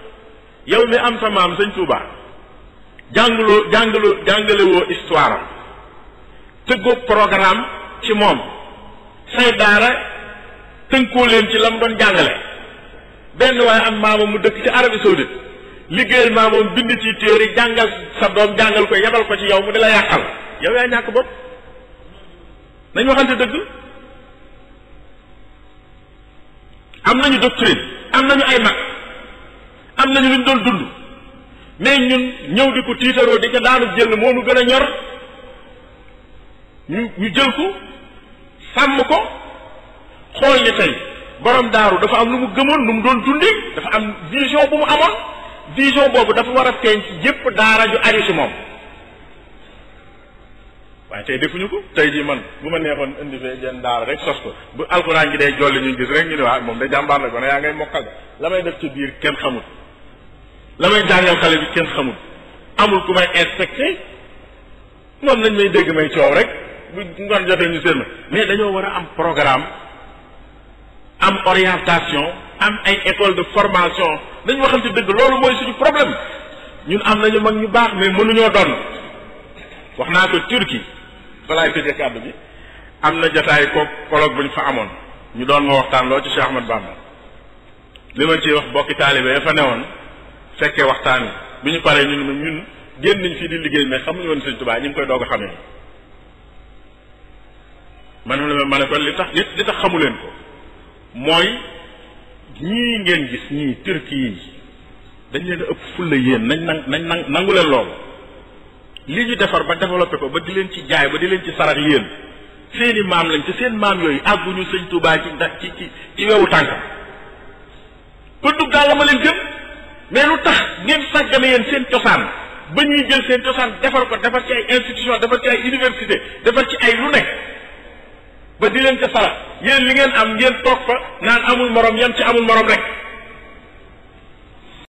yow mi am sa maam sëñ Touba jàngaloo jàngaloo jàngalewoo histoire am tëggoo ci moom say daara tënkoo leen ci la mu doon jàngale benn waaye am maamam mu dëkk ci Arabie Saoudite liggéeyal maamam bind ci jàngal sa doom jàngal ko yebal ko ci yow mu di la yàqal yow yaa ñàkk bopp nañ waxante dëgg am nañu doctrine am nañu ay mag am nañu lu ñu doon dund mais ñun ñëw di ko tiitaroo di ko daanu jël moo nu gën a ñor ñu ñu jël ko sàmm ko xool ni tey borom daaru dafa am lu mu gëmoon lu mu doon dundi dafa am vision bu mu amoon vision boobu dafa war a feeñ ci yépp daara ju aju ci moom waaye tey defuñu ko tey jii man bu ma neexoon indi fee jenn daara rek sos ko bu alxuraan gi day jolli ñuy gis rek ñu ne waa moom da jàmbaar la ko ne yaa ngay mokkal ga la may def ci biir kenn xamul la may jàngal xale bi kenn xamul amul ku may inspecté noonu lañ may dégg may coow rek bu ngoon jotee ñu seen ma mais dañoo war a am programme am orientation am ay école de formation nañ waxante dëgg loolu mooy suñu problème ñun am nañu mag ñu baax mais mënuñoo doon wax naa ko Turquie balaay tëjee kàddu bi am na jataay ko colloque bu ñu fa amoon ñu doon ma waxtaan loo ci Cheikh Ahmad Bamba li ma ciy wax bokki taalibe ya fa woon fekkee waxtaan wi bu ñu paree ñun ñun génn nañ fii di liggéey mais xamuñu woon Sëñ Tuubaa ñu ngi koy doog a xamee man ma ne kon li tax li tax xamu leen ko. mooy ñii ngeen gis ñii turki yi dañ leen a ëpp fulla yéen nañ nang nañ nang nangu leen loolu li ñu defar ba développé ko ba di leen ci jaay ba di leen ci sarax yéen seeni maam lañ ci seen maam yooyu àgguñu sëñ Tuubaa ci da ci ci ci wewu tànkam kon dug daal la ma leen gëm mais lu tax ngeen sàggane yeen seen cosaan ba ñuy jël seen cosaan defar ko defar ci ay institution defar ci ay université defar ci ay lu nekk ba di leen ca sarax yéen li ngeen am ngeen toog fa naan amul morom yam ci amul morom rek